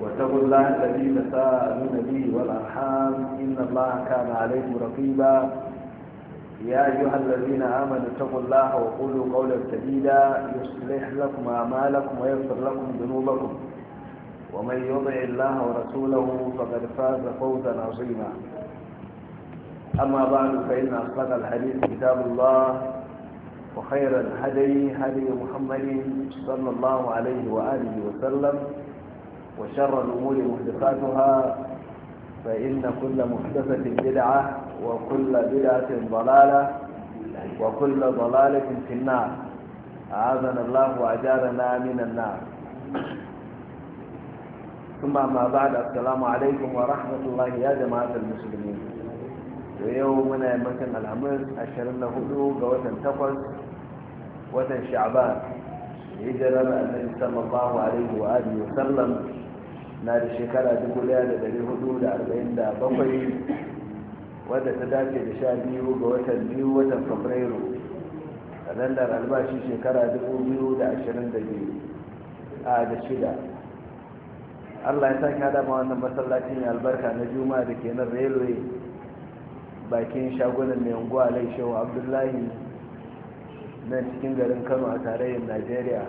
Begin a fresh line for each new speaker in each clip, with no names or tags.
واتقوا الله الذي تساءلون به والارحام ان الله كان عليكم رقيبا يا ايها الذين امنوا اتقوا الله وقولوا قولا سديدا يصلح لكم اعمالكم ويغفر لكم ذنوبكم ومن يطع الله ورسوله فقد فاز فوزا عظيما اما بعد فان اصدق الحديث كتاب الله وخير الهدي هدي محمد صلى الله عليه واله وسلم وشر الأمور محدثاتها فإن كل محدثة بدعة وكل بدعة ضلالة وكل ضلالة في النار أعاذنا الله وأجارنا من النار ثم ما بعد السلام عليكم ورحمة الله يا جماعة المسلمين ويومنا مثل الأمر أشرنا هدوء وتن تقص وتن شعبان هجر النبي صلى الله عليه وآله وسلم na da shekara 1447 wadda ta dace da sha biyu ga watan biyu watan fabrairu kalandar albashi shekara 2022 a da shida allah ya sake hada ma wannan masallacin albarka na juma da ke nan railway bakin shagunan mai unguwa laishewa abdullahi nan cikin garin kano a tarayyar najeriya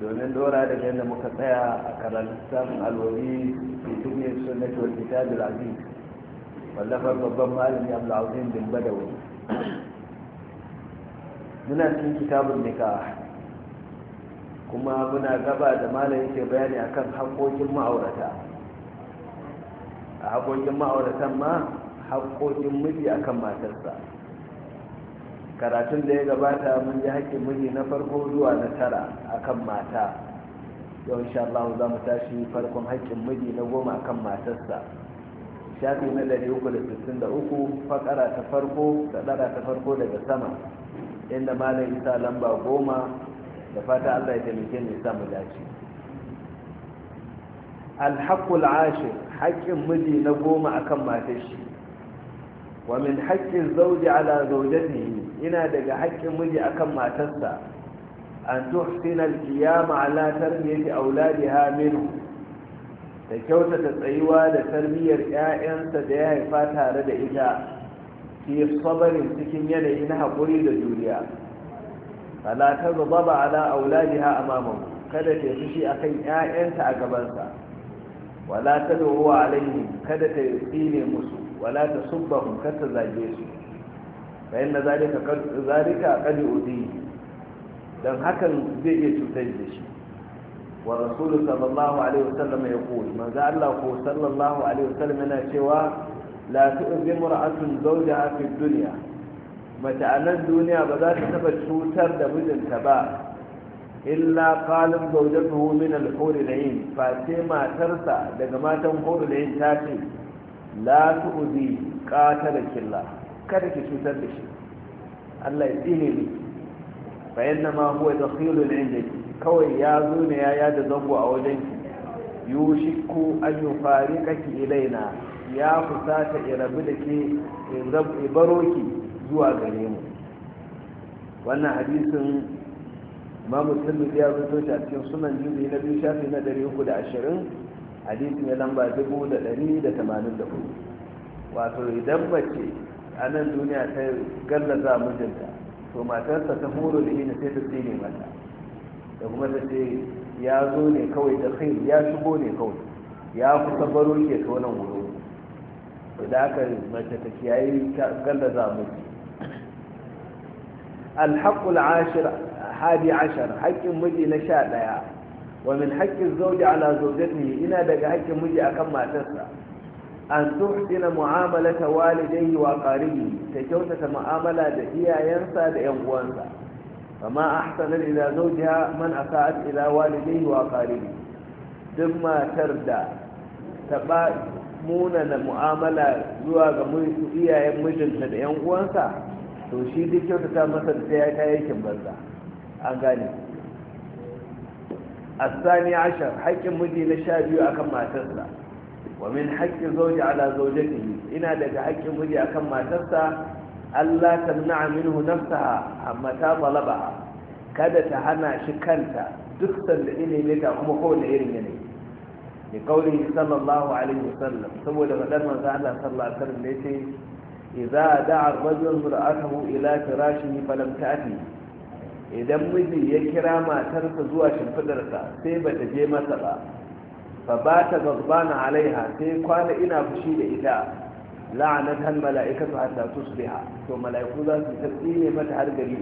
domin dora da yadda muka tsaya a karatun alwabi fi tukiyar sunnati wal ta al aziz wallafar babban malami abu azim bin badawi muna cikin kitabun nika kuma muna gaba da malam yake bayani a kan haƙoƙin ma'aurata a haƙoƙin ma'auratan ma haƙoƙin miji akan matarsa karatun da ya gabata mun ji haƙƙin miji na farko zuwa na tara a kan mata yau insha Allah za mu tashi farkon haƙƙin miji na goma a kan matarsa shafi na ɗari uku da sittin da uku faƙara ta farko ɗara ta farko daga sama inda malam isa lamba goma da fata Allah ya taimake mu samu dace alhaqqul ashir haƙƙin miji na goma a kan shi wa min haƙƙin zawji ala ne. yana daga haƙƙin miji akan matarsa an tuhsina al-qiyama ala tarbiyati auladiha minhu ta kyautata tsayuwa da tarbiyyar 'ya'yansa da ya haifa tare da ita fi sabarin cikin yanayi na haƙuri da juriya fala ta ala auladiha amamahu kada ta fushi akan 'ya'yanta a gabansa wala ta dawo alaihim kada ta tsine musu wala ta kada ta zage su fa inna zalika qad zalika qad yudi dan hakan zai iya cutar da shi wa rasul sallallahu alaihi wasallam ya kuli manzo Allah ko sallallahu alaihi wasallam yana cewa la tu'zi mar'atun zawjaha fi dunya mace a nan duniya ba za ta taba cutar da mijinta ba illa qalam zawjatuhu min al-hur al ayn fa matarsa daga matan hur al ayn ta ce la tu'zi qatala killah kada ki cutar da shi Allah ya tsine ni fa yanna ma huwa dakhilun indaki kawai ya zo ne ya yada zango a wajen ki yushiku an yufariqaki ilaina ya fusata ya rabu da ke ya baro ki zuwa gare mu wannan hadisin imamu tirmidhi ya zo a cikin sunan jibi na biyu shafi na dari uku da ashirin hadisi ya lamba dubu da dari da tamanin da hudu wato idan mace a nan duniya ta gallaza mijinta to matarsa ta horo da ina sai ta tsine mata da kuma ta ce ya zo ne kawai da kai ya shigo ne kawai ya kusa baro ke ta wannan wuro da aka mace ta kiyaye gallaza miji الحق العاشر حادي عشر حق مجي نشاء لها ومن حق الزوج على زوجته إنا دقى حق مجي أكما تسرى an tuhsina mu'amalata walidayhi wa qaribi ta kyautata mu'amala da iyayensa da yan uwansa kama ahsana ila zawjiha man asa'at ila walidayhi wa qaribi duk matar da muna da mu'amala zuwa ga iyayen mijinta da yan uwansa to shi duk kyautata masa da ya ya kayayyakin banza an gane الثاني عشر حق مجي نشابي أكم ما matarsa. wa min haƙƙin zauji ala zaujatihi ina daga haƙƙin miji akan matarsa Allah tamna'a minhu nafsaha amma ta talabaha kada ta hana shi kanta duk sanda ilimi ta kuma kowane irin yanayi bi qawlihi sallallahu alaihi wasallam saboda madar manzo Allah sallallahu alaihi wasallam ne ce idza da'a ar-rajul imra'atahu ila firashihi falam ta'ti idan miji ya kira matarsa zuwa shimfidarsa sai bata je masa ba fa ba ta gazbana alaiha sai kwana ina fushi da ita la'anatan mala'ikatu hatta tusbiha to mala'iku za su tabbi ne mata har gari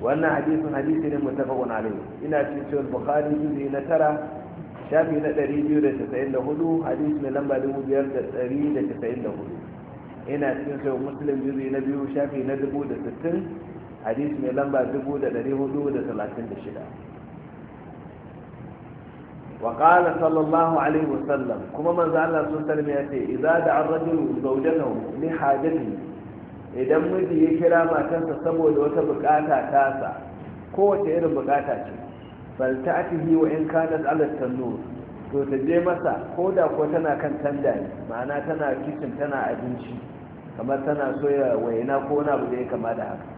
wannan hadisin hadisi ne mutafaqun ina cikin bukhari juzi na tara shafi na 294 hadisi ne lamba 2594 ina cikin sahih muslim juzi na biyu shafi na 1060 hadisi ne lamba 4436 وقال صلى الله عليه وسلم كما من زال الله صلى الله عليه وسلم يأتي إذا دعا الرجل زوجته لحاجته إذا مجي يكرا ما تنسى سبو لوتا بكاتا تاسا قوة إير بكاتا فلتأته وإن كانت على التنور to ta je masa ko da ko tana kan tanda ne ma'ana tana kicin tana abinci kamar tana soya waina ko na abu ya kama da haka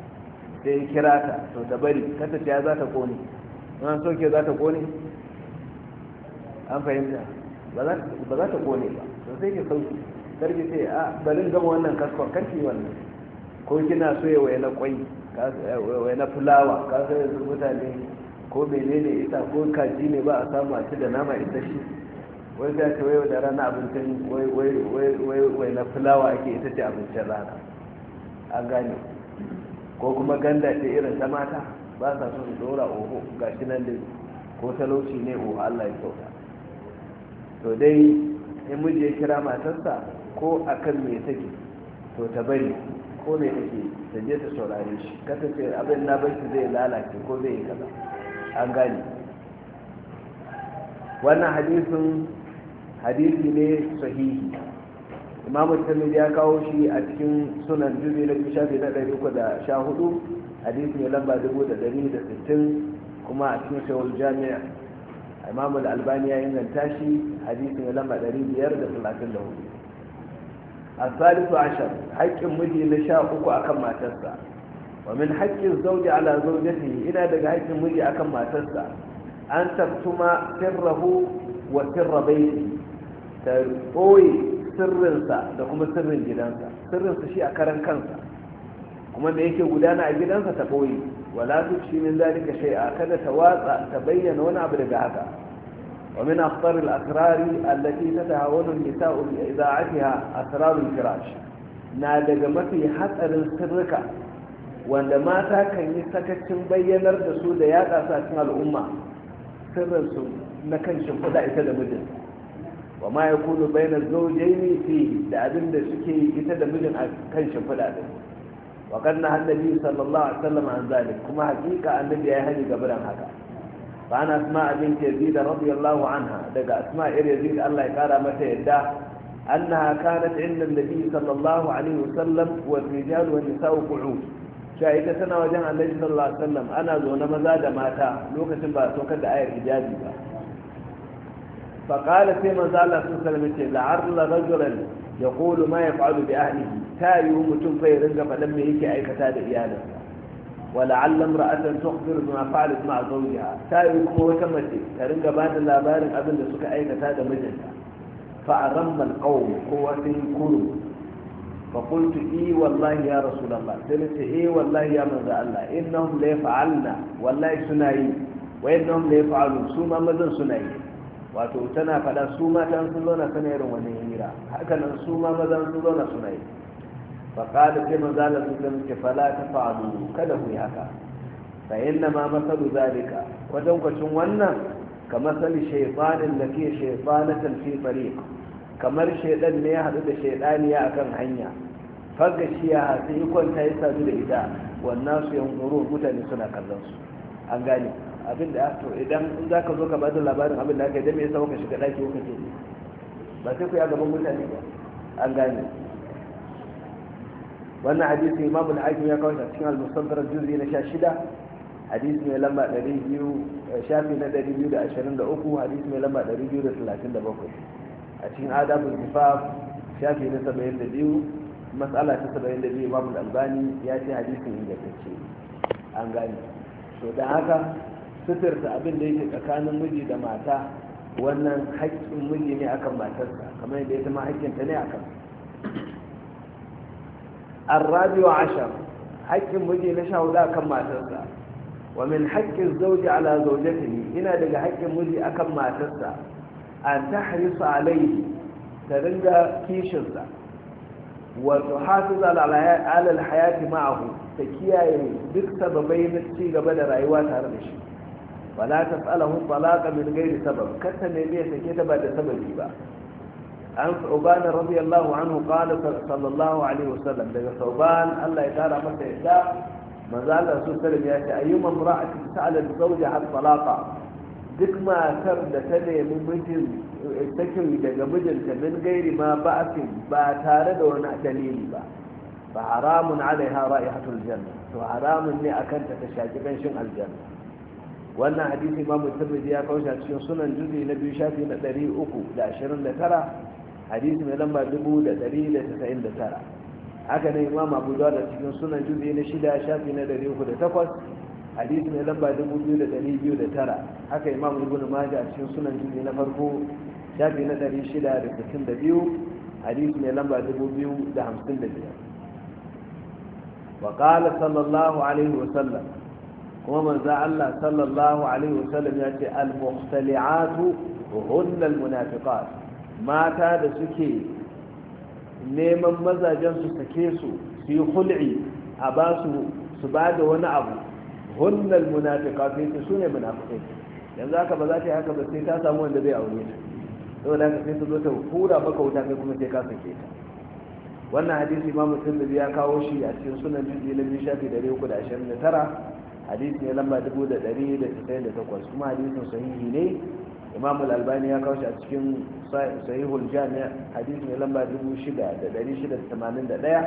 sai kira ta to ta bari kata za ta kone an soke za ta kone an fahimta ba za ta kone ba sun sai ke sauki sarki sai a ah, barin gama wannan kaskon kanki wannan ko kina so ya waye na kwai waye na fulawa ka sai yanzu mutane ko menene ita ko kaji ne ba a samu a ci da nama ita shi wai za ta waye da rana abincin wai na fulawa ake ita ce abincin rana an gane ko kuma ganda ce irin ta mata ba sa so su dora oho ga shi nan ko talauci ne oho allah ya sauka to dai in muje ya kira matarsa ko akan me take to ta bari ko me take ta je ta saurare shi kasance abin na barci zai lalace ko zai yi kaza an gane wannan hadisin hadisi ne sahihi imam tamir ya kawo shi a cikin sunan juzi na shafi na ɗari uku da sha hudu hadisi ne lamba dubu da dari da sittin kuma a cikin shawar jami'a imamu da albani ya yi zanta shi hadisun lamba 534 a salisu ashar haƙƙin miji na sha uku a kan matarsa wa min haƙƙin zauji ala zaujati ina daga haƙƙin miji a kan matarsa an tattuma sirrahu wa sirra ta ɓoye sirrinsa da kuma sirrin gidansa sirrinsa shi a karan kansa kuma da yake gudana a gidansa ta ɓoye wala tufshi min zalika a kada ta watsa ta bayyana wani abu daga haka wa min akhtar al asrari allati tatahawanu an nisa'u bi idza'atiha asrar al firash na daga mafi hatsarin sirrika wanda mata kan yi sakacin bayyanar da su da yaɗa su a cikin al'umma sirrinsu na kan shimfiɗa ita da mijin wa ma ya kunu bayyana zaujaini fi da abin da suke ita da mijin a kan shimfiɗa ɗin wa kanna annabi sallallahu alaihi wasallam kuma hakika annabi ya hani gaba dan haka fa ana asma bint yazid radiyallahu anha daga asma ir yazid Allah ya kara mata yadda annaha kanat inda annabi sallallahu alaihi wasallam wa rijal wa nisa'u qu'ud shaida sana wajen annabi sallallahu alaihi wasallam ana zo maza da mata lokacin ba sokar da ayar hijabi ba فقال في مزال صلى الله عليه وسلم لعر رجلا ya kolo ma ya fa'alu bi ahlihi ta yiwu mutum fa ya ringa faɗan me yake aikata da iyalin wala allam ra'atan tukhbiru bima fa'alat ma'a zawjiha ta yiwu kuma wata mace ta ringa ba da labarin abin da suka aikata da mijinta fa aramma alqawm kowa sun kuru fa qultu i e, wallahi ya rasulullah sai nace eh wallahi ya manzo Allah innahum la yaf'alna wallahi suna yi wa innahum la yaf'alun su ma mazan suna yi wato tana faɗa su mata sun zauna suna irin wannan hira haka nan su ma maza sun zauna suna yi faƙada sai maza da su zama ke fala ta fa'adu kada ku yi haka fa inna ma masalu zalika wajen kwacin wannan ka masali shaifanin da ke shaifanatan fi fari. kamar shaidan ne ya haɗu da shaidaniya akan hanya faga shi ya hatsi ikon ta yi sadu da ita wannan su yan mutane suna kallon su an gane abin da to idan in za ka zo ka bada labarin abin da aka yi dame ya sa ka shiga ɗaki kuka ce ba sai ku ya gaban mutane ba an gane wannan hadisi imamu da aikin ya kawo cikin al-mustadrak juzi na shida hadisi mai lamba 200 eh, shafi na 223 hadisi mai lamba 237 a cikin adabul kifaf shafi na 72 mas'ala ta 72 imamu al-albani ya ce hadisin ingantacce an gane to don haka suturta abin da yake tsakanin miji da mata wannan haƙƙin miji ne akan matarsa kamar yadda ita ma haƙƙinta ne akan الرابع عشر حق مجي نشاه ذا كما تسا ومن حق الزوج على زوجته هنا دقى حق مجي أكم ما تسا أن تحرص عليه ترنجا كيشنسا وتحافظ على الحياة معه تكيا يدك سببين تشيغ بدر أيوات هرمشي wala ta tsalahu talaka min gairi sabab kar ta nemi sake ta ba da sababi ba an sauban radiyallahu anhu qala sallallahu alaihi wasallam daga sauban Allah ya tara masa yadda manzo Allah su sallam ya ce ayyuma imra'atin sa'alat har talaqa duk matar da ta nemi mijin eh, sakin daga mijinta min gairi ma ba'asin ba tare da wani dalili ba fa haramun alaiha ra'ihatul janna to haramun ne akan ta ta shaki ganshin aljanna wannan hadisi imamu tirmidhi ya kawo a cikin sunan juzi na biyu shafi na ɗari uku da ashirin da tara hadisi mai lamba dubu da ɗari da tasa'in da tara haka ne imam abu da cikin sunan juzi na shida shafi na ɗari uku da takwas hadisi mai lamba dubu biyu da ɗari biyu da tara haka imam ibn majah a cikin sunan juzi na farko shafi na ɗari shida da sittin da biyu hadisi mai lamba dubu biyu da hamsin da biyar وقال صلى الله عليه وسلم kuma manzo Allah sallallahu alaihi wasallam ya ce al-mukhtali'atu hunna al-munafiqat mata da suke neman mazajen su sake su su yi hul'i a ba su su ba da wani abu hunna al-munafiqat sai su ne munafiqai yanzu haka ba za ta yi haka ba sai ta samu wanda zai aure ta saboda haka sai ta zo ta hura maka wuta kai kuma sai ka sake ta wannan hadisi imam muslim ya kawo shi a cikin sunan juz'i na shafi 329 hadisi ne lamba takwas kuma hadisin sahihi ne imam al-albani ya kawo shi a cikin sahihul jami'a hadisi ne lamba 6681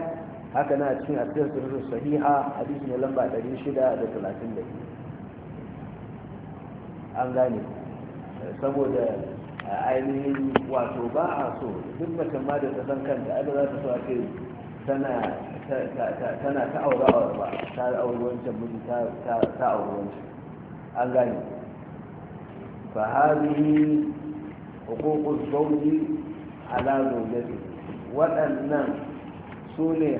haka na a cikin asirin sirrin sahiha hadisi ne lamba 632 an gane saboda ainihin wato ba a so duk mace ma da ta san kanta ai ba za ta so a ce tana tana ta aure ba ta aure wancan miji ta aure wancan an gane fa hadhihi huququ zawji ala zawjatihi waɗannan su ne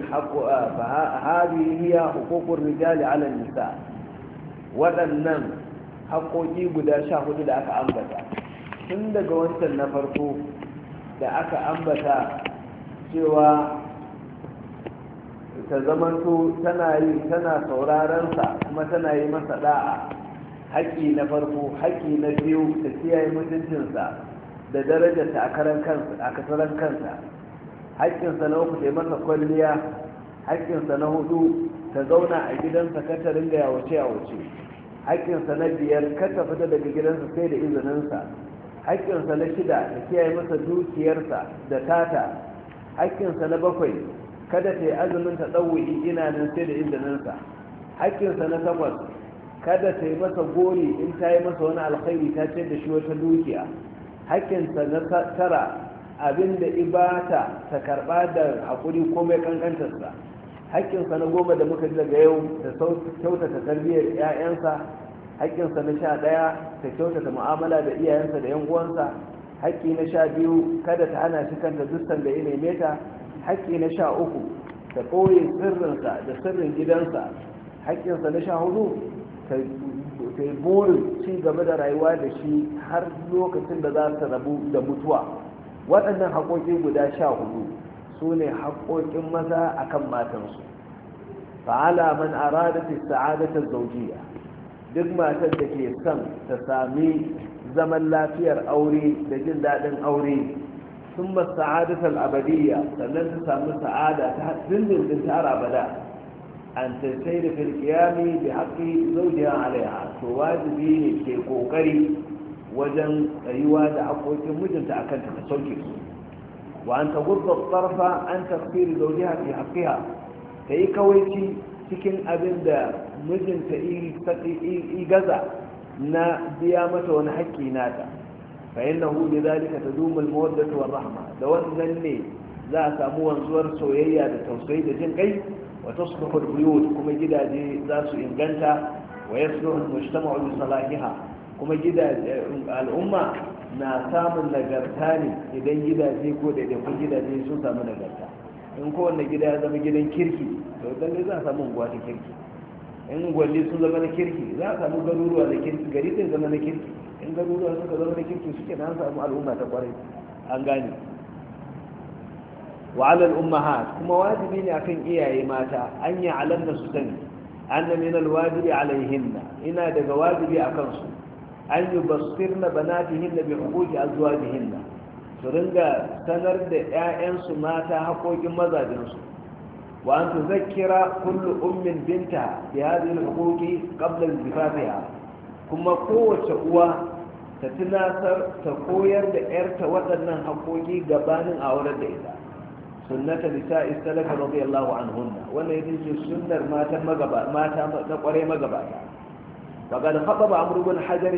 haɗi hiya hukukun rijali ala nisa waɗannan haƙoƙi guda sha hudu da aka ambata tun daga wancan na farko da aka ambata cewa ta zamanto tana yi tana saurarensa kuma tana yi masa da'a haƙƙi na farko haƙƙi na biyu ta kiyaye mutuncinsa da darajarta a karan kansa a kasaran kansa haƙƙinsa na uku ta yi masa kwalliya haƙƙinsa na hudu ta zauna a gidansa kar ta ringa yawace yawace haƙƙinsa na biyar kar ta fita daga gidansa sai da izininsa haƙƙinsa na shida ta kiyaye masa dukiyarsa da tata haƙƙinsa na bakwai kada ta yi azumin ta ɗauwi ina nan sai da izininsa sa na takwas kada ta yi masa gori in ta yi masa wani alkhairi ta ce da shi wata dukiya sa na tara abin da ibata ta karba da haƙuri ko mai hakkin sa na goma da muka ji daga yau ta kyautata tarbiyyar 'ya'yansa sa na sha ɗaya ta kyautata mu'amala da iyayensa da 'yan uwansa hakki na sha biyu kada ta ana shi kanta dukkan da ya neme ta haƙƙi na sha uku ta ɓoye sirrinsa da sirrin gidansa haƙƙinsa na sha hudu ta yi burin ci gaba da rayuwa da shi har lokacin da za su rabu da mutuwa waɗannan haƙoƙi guda sha hudu su ne haƙoƙin maza a kan matansu fa'ala man aradata sa'adatar zaujiya duk matar da ke son ta sami zaman lafiyar aure da jin daɗin aure sun sa'adatar abadiyya sannan su samu sa'ada ta dindindin tara abada an tattai da firkiyami da haƙi zaujiya alaiha to wajibi ne ke ƙoƙari wajen tsayuwa da haƙoƙin mijinta a kanta da sauke su wa an ta gurba tsarfa an tafsiri zaujiya fi haƙiha ta yi kawaici cikin abin da mijinta yi gaza na biya mata wani haƙƙi nata fa innahu bi zalika ta al mawaddatu war rahma da wannan ne za a samu wanzuwar soyayya da tausayi da jin kai wa tasluhu al kuma gidaje za su inganta wa yasluhu al mujtama'u kuma gidaje al'umma na samun nagarta ne idan gidaje ko daidaikun gidaje sun samu nagarta in kowanne gida ya zama gidan kirki to dan za a samu unguwa ta kirki in unguwanni sun zama na kirki za a samu garuruwa na kirki gari zai zama na kirki in garuruwa suka zama da kirki suke na samu al'umma ta kwarai an gane wa alal kuma wajibi ne akan iyaye mata an yi alanna su sani anna min alwajibi alaihinna ina daga wajibi akan su an yi basirna banatihinna bi hukuki hinna su ringa sanar da 'ya'yansu mata haƙoƙin mazajensu wa an tuzakkira kullu ummin binta bi hadhihi alhuquqi qabla inzifafha kuma kowace uwa ta tunasar ta koyar da 'yarta waɗannan haƙoƙi gabanin aurar da ita sunnata nisa istalaka radiyallahu anhunna wannan yake ce sunnar mata magaba mata na kware magabata faqad khataba amru bin hajar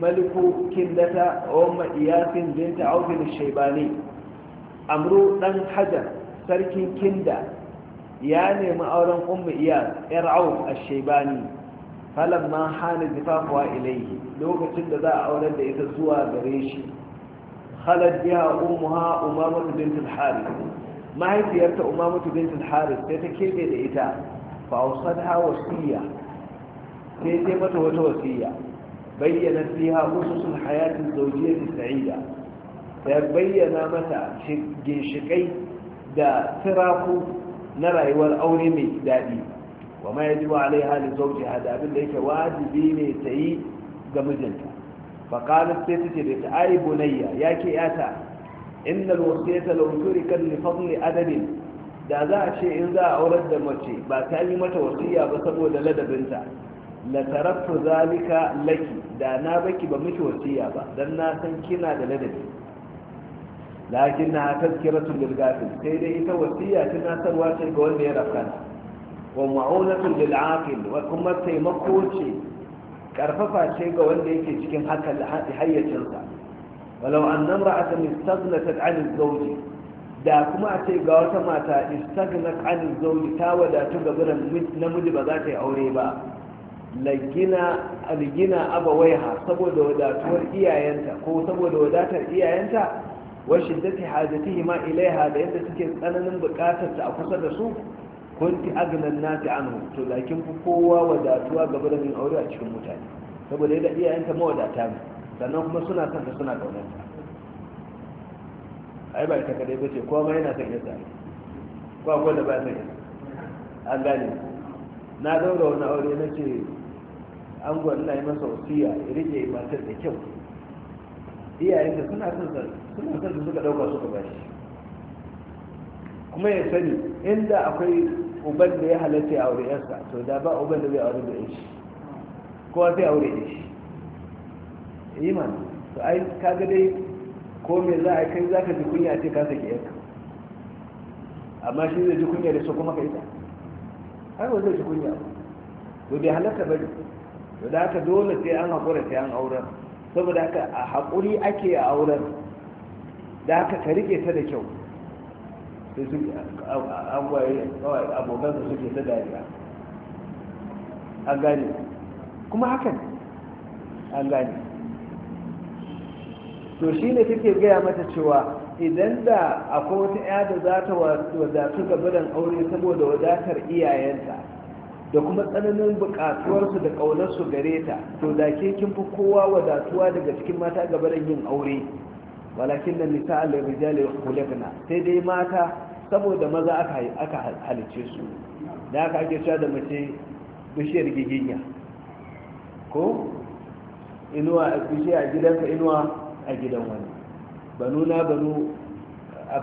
maliku kindata umma iyasin bint auf al-shaybani amru dan hajar sarkin kinda ya nemi auren ummu iyas yar auf al-shaybani ma hana zifafuwa ilaihi lokacin da za a aurar da ita zuwa gare shi halar biha ummuha umamatu bint al mahaifiyarta umamatu bint al sai ta kebe da ita fa awsadha wasiya sai sai mata wata wasiya bayyana fiha ususul hayati zawjiyyati sa'ida ta bayyana mata ginshiƙai da tiraku na rayuwar aure mai daɗi wa ma yajibu alaiha li zawjiha da abin da yake wajibi ne ta yi ga mijinta fa qalat sai ce da ai bunayya yake yata innal wasiyata law turikat li fadli adadin da za a ce in za a aurar da mace ba ta yi mata wasiya ba saboda ladabinta la tarattu zalika laki da na baki ba miki wasiya ba dan na san kina da ladabi lakin na tazkiratun lil sai dai ita wasiya tana sarwa ce ga wanda ya rafkana wa ma'aunatun lil wa kuma taimako ce karfafa ce ga wanda yake cikin haka hayyacinsa walau annan ra'atan istaghnat an zawji da kuma a ce ga wata mata istaghnat an zawji ta wadatu ga biran namiji ba za ta yi aure ba lagina algina abawaiha saboda wadatuwar iyayenta ko saboda wadatar iyayenta wa shiddati hajatihi ma ilaiha da yadda suke tsananin bukatar ta a kusa da su kunti agnan nasi anhu to lakin fi kowa wadatuwa gaba da yin aure a cikin mutane saboda yadda iyayenta mawadata ne sannan kuma suna son ta suna kaunar ai ba ita kadai bace ko ma yana son yasa ko akwai da ba son yasa an gane na daura wani aure na ce an na yi masa wasiya ya rike matar da kyau Iyayenta suna son ta suna son su suka dauka suka bashi kuma ya sani inda akwai uban da ya halatta ya aure yansa to da ba uban da bai aure da shi kowa sai aure da shi iman eh to ai kaga dai ko me za a kai zaka ji kunya ce ka saki yanka amma shi zai ji kunya da su kuma ka ita ai ba zai ji kunya to bai halatta ba to da haka dole sai an haƙura sai an auren saboda haka a haƙuri ake a auren da haka ka rike ta da kyau sai su agwaye kawai suke ta dariya an gane kuma hakan an gane to shi ne take gaya mata cewa idan da akwai wata ya da za ta wadatu gabanin aure saboda wadatar iyayenta da kuma tsananin bukatuwarsu da ƙaunarsu gare ta to da ke kin fi kowa wadatuwa daga cikin mata gabanin yin aure walakin da nisa al-rijali khulqna sai dai mata saboda maza aka aka halice su da aka ake cewa da mace bishiyar giginya ko inuwa bishiya a gidanka inuwa a gidan wani banu na banu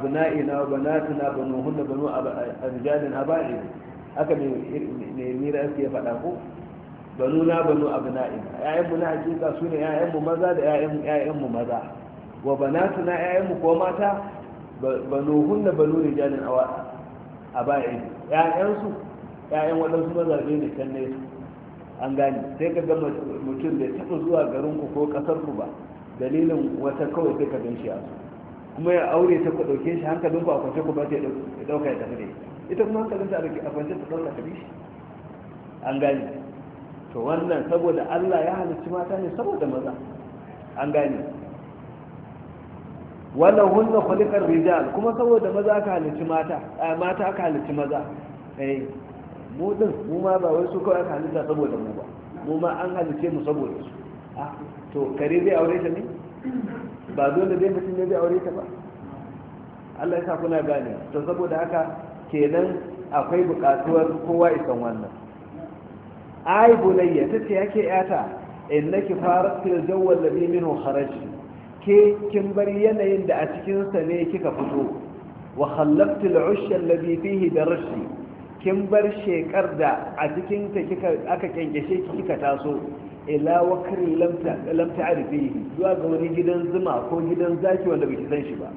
na wa na banu hunna banu arjalin haba'i aka ne mira ya faɗa ko banu na banu abna'ina mu na hakika su ne mu maza da mu maza wa banatu na ƴaƴanmu ko mata banuhunna banu rijalin awa a su? ƴaƴansu ƴaƴan waɗansu mazaje ne can ne an gane sai ka ga mutum da taɓa zuwa garinku ko ƙasarku ba dalilin wata kawai sai ka ganshi a su kuma ya aure ta ku ɗauke shi hankalin ku a kwance ku ba ta ya ɗauka ya tafi da ita kuma hankalin ta a kwance ta ɗauka ta shi an gane to wannan saboda Allah ya halicci mata ne saboda maza an gane Wannan hunna kulikar rijal kuma saboda maza aka halicci mata mata aka halicci maza eh mu din mu ma ba wai su kawai aka halitta saboda mu ba mu ma an halicce mu saboda su ah to kare zai aure ta ne ba dole zai mutum ne zai aure ta ba Allah ya sa kuna gane to saboda haka kenan akwai buƙatuwar kowa isan wannan ai bulayya tace yake yata innaki faratil jawwal ladhi minhu kharaji ke kin bar yanayin da a cikinsa ne kika fito wa khallaqtil ushya alladhi fihi darshi kin bar shekar da a cikin ta kika aka kyankyashe ki kika taso ila wakrin lam ta'rifihi zuwa ga wani gidan zuma ko gidan zaki wanda baki san shi ba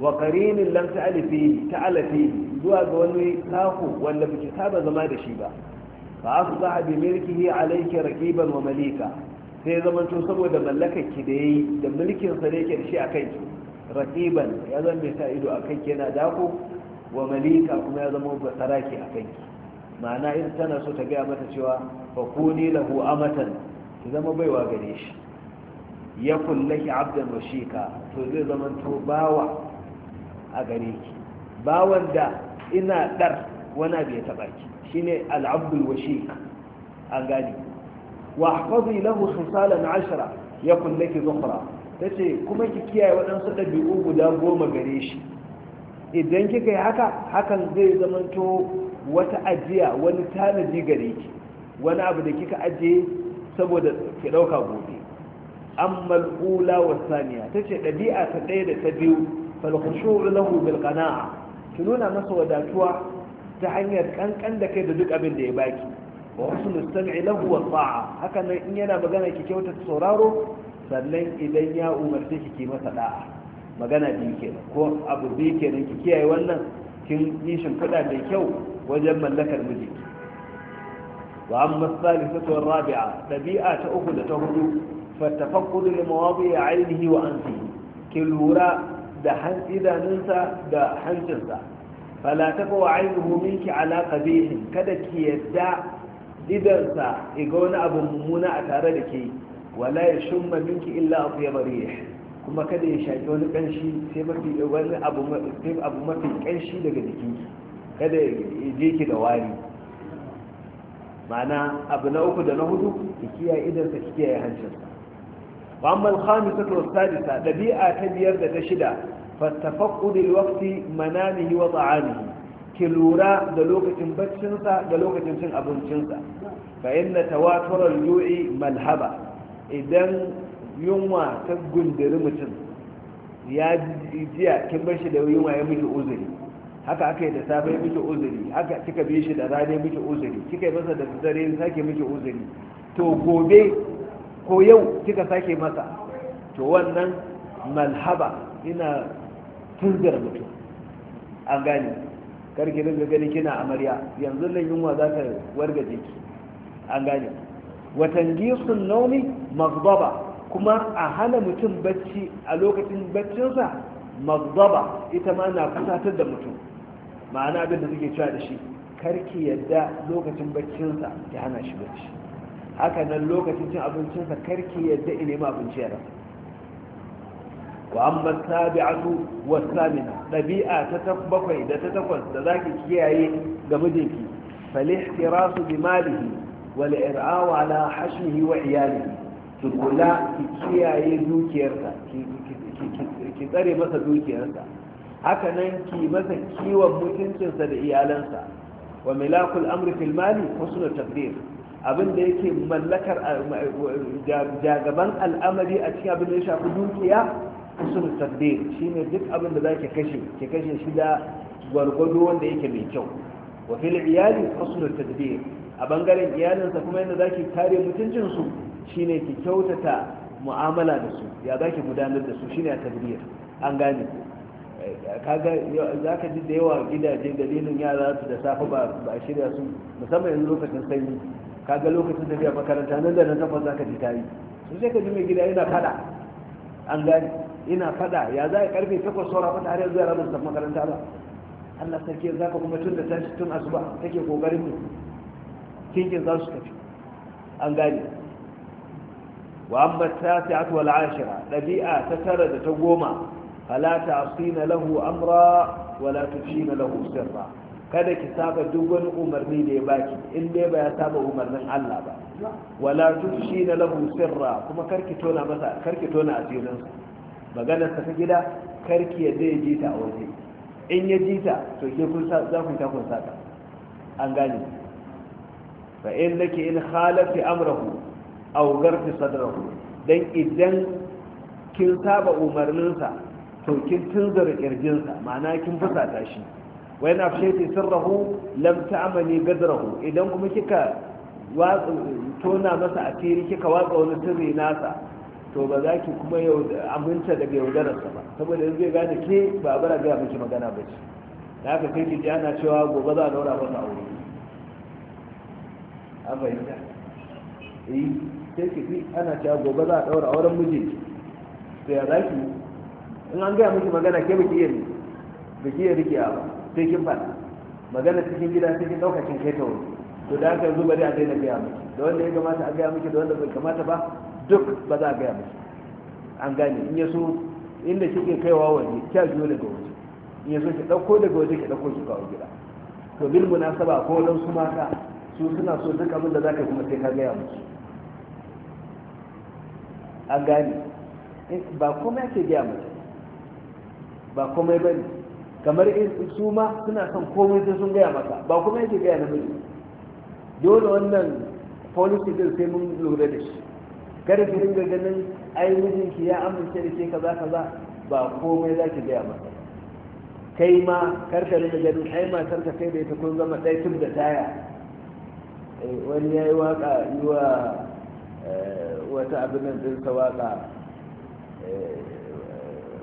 wa qarinin lam ta zuwa ga wani sako wanda baki saba zama da shi ba fa asbaha bi milkihi alayki raqiban wa malika sai ya zamanto saboda mallakar ki da yayi da mulkin sa da yake da shi a kanki raqiban ya zama mai sa ido a kanki yana dako wa malika kuma ya zama saraki a kanki ma'ana in tana so ta gaya mata cewa fa kuni lahu amatan ki zama baiwa gare shi ya kullaki abdan washika to zai zama to bawa a gare ki bawan da ina dar wani abu ya taba ki shine al-abdul washik an gani واحفظي له خصالا عشرة يكن لك ذخرة kuma ki kiyaye waɗansu ɗabi'u guda goma gare shi idan kika yi haka hakan zai zamanto wata ajiya wani tanadi gare ki wani abu da kika ajiye saboda ki ɗauka gobe amma al'ula wa ta ce ɗabi'a ta ɗaya da ta biyu falkushu lahu bil ƙana'a. ki nuna masa wadatuwa ta hanyar ƙanƙan da kai da duk abin da ya baki wa husnul sam'i lahu wa ta'a haka nan in yana magana ki kyauta sauraro sannan idan ya umarce ki ki masa da'a magana biyu kenan ko abu biyu kenan ki kiyaye wannan kin yi shimfiɗa mai kyau wajen mallakar mijinki wa amma salisatu wa rabi'a dabi'a ta uku da ta hudu fatafakkur li mawadi'i ainihi wa anfihi ki lura da han idanunsa da hancinsa fala taqwa ainihu minki ala qabihin kada ki yadda idansa iga wani abu mummuna a tare da ke wala ya shumma minki illa abu ya bari kuma kada ya shaƙi wani ƙanshi sai mafi wani abu mafi ƙanshi daga jikinki kada ya je ki da wari ma'ana abu na uku da na hudu ki kiyaye idansa ki kiyaye hancinsa wa khamis al sadisa dabi'a ta biyar da ta shida wa فالتفقد ki lura da lokacin baccinsa da lokacin cin abincinsa. fa inna tawatur al malhaba idan yunwa ta gundiri mutum ya jiya kin bar shi da yunwa ya miki uzuri haka aka yi da safe ya miki uzuri haka kika bi shi da rana ya miki uzuri kika yi masa da dare ya sake miki uzuri to gobe ko yau kika sake masa to wannan malhaba ina tunzir mutum an gane karki rinka gani kina amarya yanzu nan yunwa za ta warga jiki an gane watangisun nauni magdaba kuma a hana mutum bacci a lokacin baccinsa magdaba ita ma na kusatar da mutum ma'ana abin da suke cewa da shi karki yadda lokacin baccinsa ya hana shi bacci haka nan lokacin cin abincinsa karki yadda ina ma abinci ya rasa wa amma sabi'atu wa samina ɗabi'a ta bakwai da ta takwas da zaki kiyaye ga mijinki fal rasu bi malihi wal na ala hashmihi wa iyali ki kula ki kiyaye dukiyarsa ki tsare masa dukiyarsa haka nan ki masa kiwon mutuncinsa da iyalansa wa milakul amri fil mali husnul taqdir abin yake mallakar jagaban al'amari a cikin abin da ya shafi dukiya husnul shi shine duk abin da ki kashe ki kashe shi da gwargwado wanda yake mai kyau wa fil iyali husnul a bangaren iyalinsa kuma yadda zaki kare mutuncinsu shine ki kyautata mu'amala da su ya zaki gudanar da su shine a tarbiyya an gane eh, kaga za ka ji da yawa gidaje dalilin yara su da safe ba a shirya su musamman yanzu lokacin sanyi kaga lokacin tafiya makaranta nan da nan tabbas za ka ji tayi su sai ka ji mai gida ina fada an gane ina fada ya za a karfe takwas saura fata har yanzu yara ba su tafi makaranta ba Allah sarki za ka kuma tun da tashi tun asuba take kokarin mu kinkin za su tafi an gane wa amma ta fi'atu wal ashira dabi'a ta tara da ta goma Halata fala na lahu amra wala na lahu sirra kada ki saba duk wani umarni da ya baki in dai ba ya saba umarnin Allah ba wala na lahu sirra kuma karki tona masa karki tona asirinsa maganar ta gida karki ya dai jita a waje in ya jita to ke kun za ku ta kun saka an gane fa innaki in khalafti amrahu aw garfi sadrahu dan idan kin saba umarninsa to kin tunzura sa ma'ana kin fusata shi wa in afshayti sirrahu lam ta'mali gadrahu idan kuma kika tona masa a asiri kika watsa wani sirri nasa to ba za ki kuma aminta daga yaudararsa ba saboda yanzu zai gane ke ba a bara gaya miki magana ba ce da haka kai ki jana cewa gobe za a daura masa aure an fahimta eh sai fi ana cewa gobe za a daura auren miji to ya zaki in an gaya miki magana ke baki iya baki iya rike ba sai kin magana cikin gida sai kin kin kai ta wuri to da haka yanzu bari a na gaya miki da wanda ya kamata a gaya miki da wanda bai kamata ba duk ba za a gaya miki an gane in ya so inda kike kaiwa waje kya biyo daga waje in ya so ki dauko daga waje ki dauko ki kawo gida to bil munasaba ko dan su mata su suna so duk abin da ka kuma sai ka gaya musu a gani eh, ba komai ake gaya musu ba komai bane kamar in su ma suna son komai sai sun gaya maka ba komai ake gaya namiji dole wannan policy din sai mun lura da shi kada ki dinga ganin ai mijinki ya amince da ke kaza kaza ba komai za ki gaya masa kai ma karka da ganin ai matar ka kai da ita kun zama ɗaya tun da taya Eh, wani ya yi waka yi wa eh, wata abin zai ta waka eh,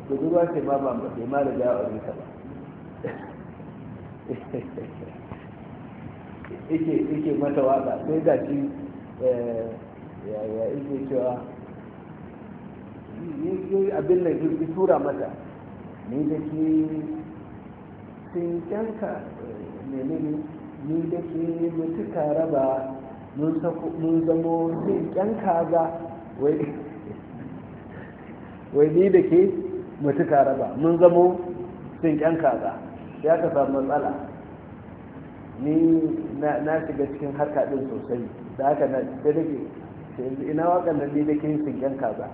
budurwa ce ma ba ba ma da jawo abin ba ike mata waka sai ga shi yaya ike cewa yi abin da yi tura mata ni da ke sun kyanka ne ne ni da ke mutuka raba mun zamo zin ƙyan kaza wai ni da ke mutuka raba mun zamo zin ƙyan kaza ya ka samu matsala ni na shiga cikin harka ɗin sosai da haka na da ke ina waƙan da ni da ke zin ƙyan kaza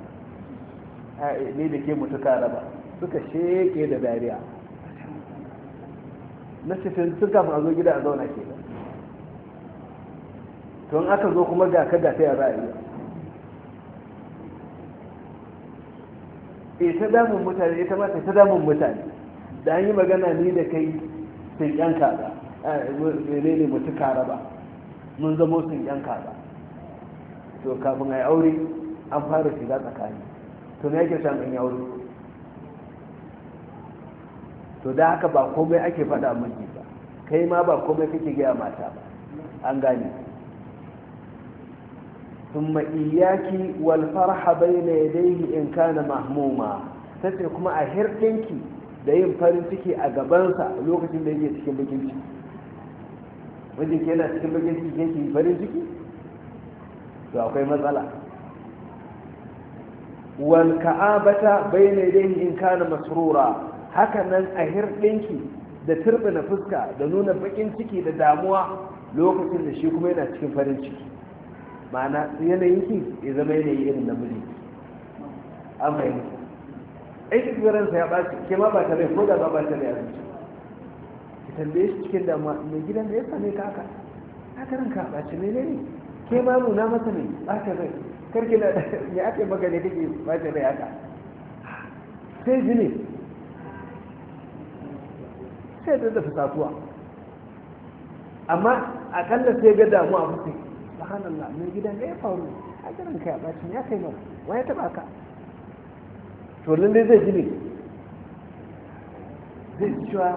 ni da ke mutuka raba suka sheke da dariya na cikin tun kafin a zo gida a zauna ke to in aka zo kuma ga kada ta yara yi ita eh, damun mutane ita ma ta damun mutane da an yi magana ni da kai sun yan kaza eh, mene ne mutu kara ba mun zamo sun yan kaza to kafin a yi aure an fara shiga tsakani to me yake shan an yi aure to da haka ba komai ake faɗa miji ba kai ma ba komai kake gaya mata ba an gane wal farha bayna yadayhi in kana mahmuma sai kuma a hirdinki da yin farin ciki a gabansa lokacin da yake cikin bakin ciki wanda ke yana cikin bakin ciki yake farin ciki to akwai matsala wal ka'abata bayna yadayhi in kana masrura haka nan a hirɗinki da turbina fuska da nuna bakin ciki da damuwa lokacin da shi kuma yana cikin farin ciki ma'ana yanayinki ya zama yanayi irin na miji an fahimta aiki ransa ya ɓaci ke ma ba bai, ko da ba ba ta a zuci ki tambaye shi cikin damuwa mai gidan da ya same ka haka haka ba ɓaci ne ne ke ma nuna masa ne ba zai. Kar karki na ya ake magana kake ta rai haka sai jini sai da da fasatuwa amma akalla sai ga damu a fuske subhanallah mai gidan ya faru a garin kai a bacin ya kai mara wa ya taba ka to lalle zai ji ne zai ji cewa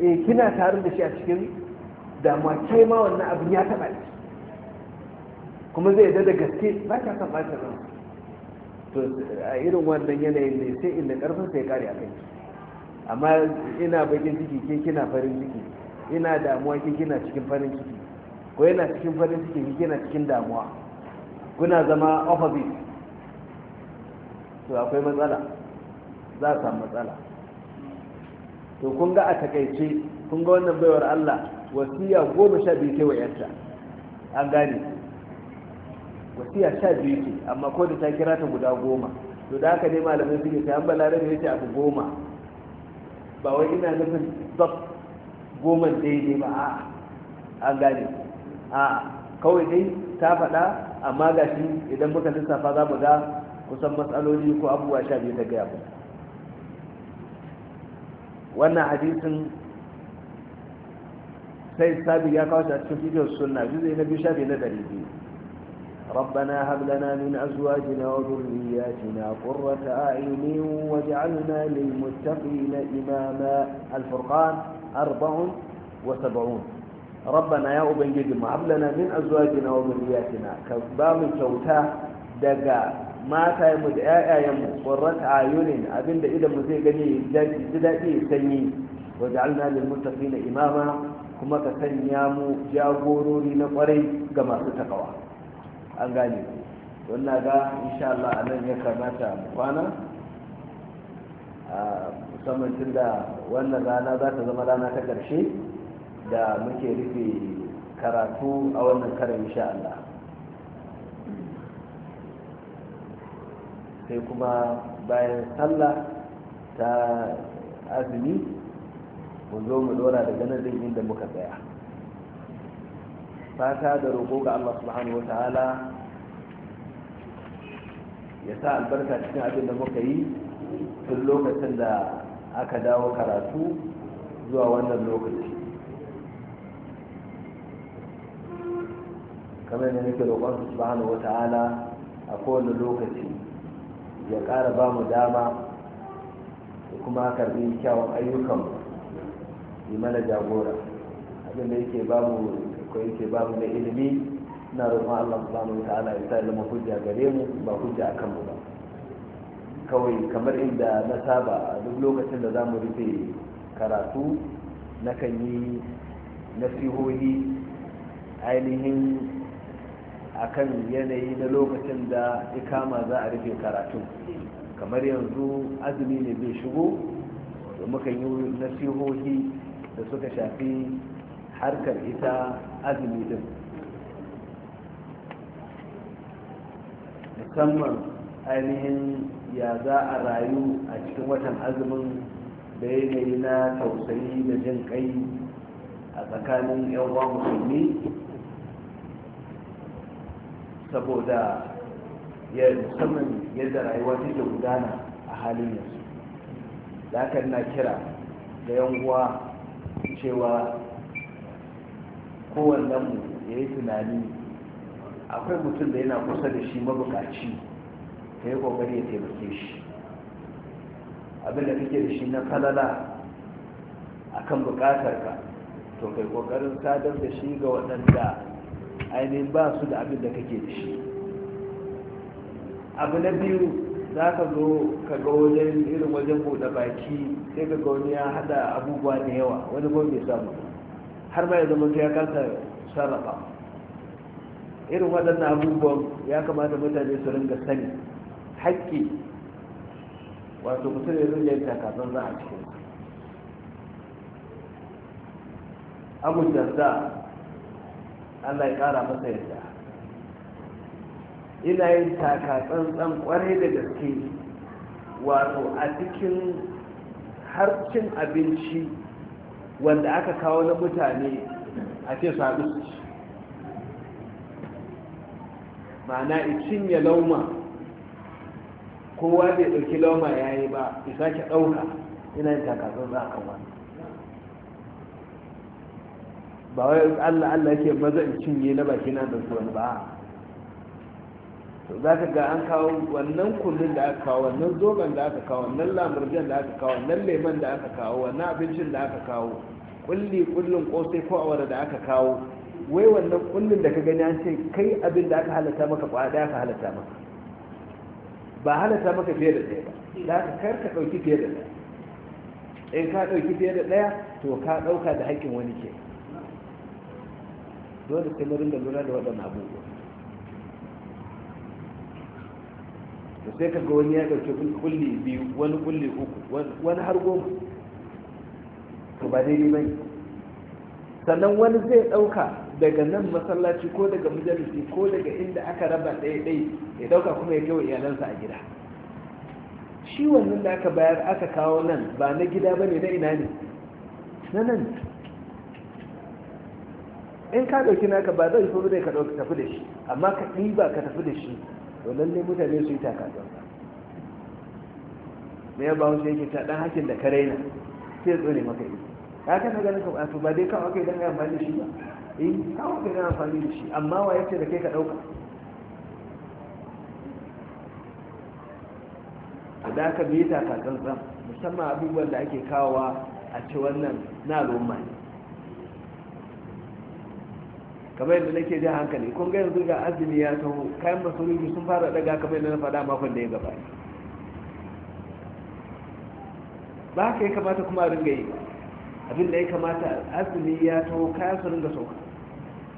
eh kina tare da shi a cikin damuwa kai ma wannan abin ya taba ne kuma zai da gaske ba ka san bacin ran to a irin wannan yanayin ne sai inda karfin sai kare a kai amma ina bakin ciki ke kina farin ciki ina damuwa ke kina cikin farin ciki ko yana cikin farin ciki ke kina cikin damuwa kuna zama opposite to akwai matsala za a samu matsala to kun ga a takaice kun ga wannan baiwar Allah wasiya goma sha biyu ke wayarta an gane wasiya sha biyu ke amma ko da ta kira ta guda goma to da aka ne malamai suke sai an balare ne ce abu goma ba wai ina nufin zaf goma daidai ba a an gane a kawai dai ta faɗa amma ga shi idan muka lissafa za mu ga kusan matsaloli ko abubuwa sha biyu ta gaya ba wannan hadisin sai sabi ya kawo shi a cikin bidiyon sunna biyu na biyu sha biyu na ɗari biyu ربنا هب لنا من أزواجنا وذرياتنا قرة أعين واجعلنا للمتقين إماما الفرقان أربع وسبعون ربنا يا أبنجد ما هب لنا من أزواجنا وذرياتنا كبام كوتا دقا ما تايم دعاء يم قرة أعين أبن إذا مزيقني جدائي سني واجعلنا للمتقين إماما كما تسنيام جاغوروري نقري كما ستقوى an gane don na ga insha Allah a nan ya kamata mu kwana a musamman tun da wannan rana za ta zama rana ta ƙarshe da muke rufe karatu a wannan karin insha Allah sai kuma bayan sallah ta azumi mu zo mu dora daga nan inda muka tsaya fata da roƙo ga Allah subhanahu ta'ala ya sa albarka cikin abin da muka yi tun lokacin da aka dawo karatu zuwa wannan lokaci kamar yadda nake roƙon subhanahu ta'ala a kowane lokaci ya ƙara ba mu dama kuma karɓi kyawun ayyukan yi mana jagora abinda yake ba mu ko yake babu na ilimi na roƙon Allah subhanahu wa ta'ala ya sa zama hujja gare mu ba hujja a kanmu ba kawai kamar inda na saba duk lokacin da za mu rufe karatu na kan yi nasihohi ainihin a kan yanayi na lokacin da ikama za a rufe karatu kamar yanzu azumi ne bai shigo da muka yi nasihohi da suka shafi harkar ita azumi din musamman ainihin ya za a rayu a cikin watan azumin da yanayi na tausayi da jin kai a tsakanin yawon musulmi saboda ya musamman yadda rayuwa take gudana a halin yanzu da na kira da yan cewa kowannen mu ya yi tunani akwai mutum da yana kusa da shi mabukaci ka yi kokari ya taimake shi abin da kake da shi na falala akan bukatar ka to kai kokarin sadar da shi ga waɗanda ainihin ba su da abin da kake da shi abu na biyu za ka zo ka ga wajen irin wajen buɗe baki sai ka ga wani ya haɗa abubuwa da yawa wani kuma samu har ma ya zama ya kanta sarrafa irin waɗannan abubuwan ya kamata mutane su ringa sani haƙƙi wato mutum ya ringa yin takatsan za a cikin abu za allah ya ƙara masa yadda ina yin takatsantsan ƙwarai da gaske wato a cikin harcin abinci wanda aka kawo na mutane a ce su su ci ma'ana ikin ya lauma kowa bai ɗauki lauma ya yi ba isa ki ɗauka ina yin takasar za a kawo ba wai allah allah ke maza in cinye na baki na su wani ba za ka ga an kawo wannan kullun da aka kawo wannan zoben da aka kawo wannan lamurjan da aka kawo wannan leman da aka kawo wannan abincin da aka kawo kulli kullun kosai ko awara da aka kawo wai wannan kullun da ka gani an ce kai abin da aka halatta maka da aka halatta maka ba halatta maka fiye da ɗaya ba da aka kar ka ɗauki fiye da ɗaya in ka ɗauki fiye da ɗaya to ka ɗauka da haƙƙin wani ke dole sai mu rinda lura da waɗannan abubuwa to sai kaga wani ya dauke kulli biyu wani kulli uku wani har goma to ba daidai ba ne sannan wani zai ɗauka daga nan masallaci ko daga majalisi ko daga inda aka raba ɗaya ɗaya ya ɗauka kuma ya kai iyalansa a gida shi wannan da aka bayar aka kawo nan ba na gida ba ne na ina ne na nan in ka ɗauki naka ba zai so zai ka ɗauki tafi da shi amma ka ɗiba ka tafi da shi to lalle mutane su yi takatsan me ya bawo sai yake ta dan hakin da kare na sai tsone maka ido ka ka ga ganin to ba dai ka ake dan amfani da shi ba eh ka ake dan amfani da shi amma wa ce da kai ka dauka da aka bi takatsan musamman abubuwan da ake kawowa a ci wannan na al'umma ne kamar yadda nake jan hankali kun ga yanzu ga azumi ya taho kayan masarufi sun fara daga kamar yadda na faɗa makon da ya gaba ba haka ya kamata kuma ringa yi abin da ya kamata azumi ya taho kayan su ringa sauka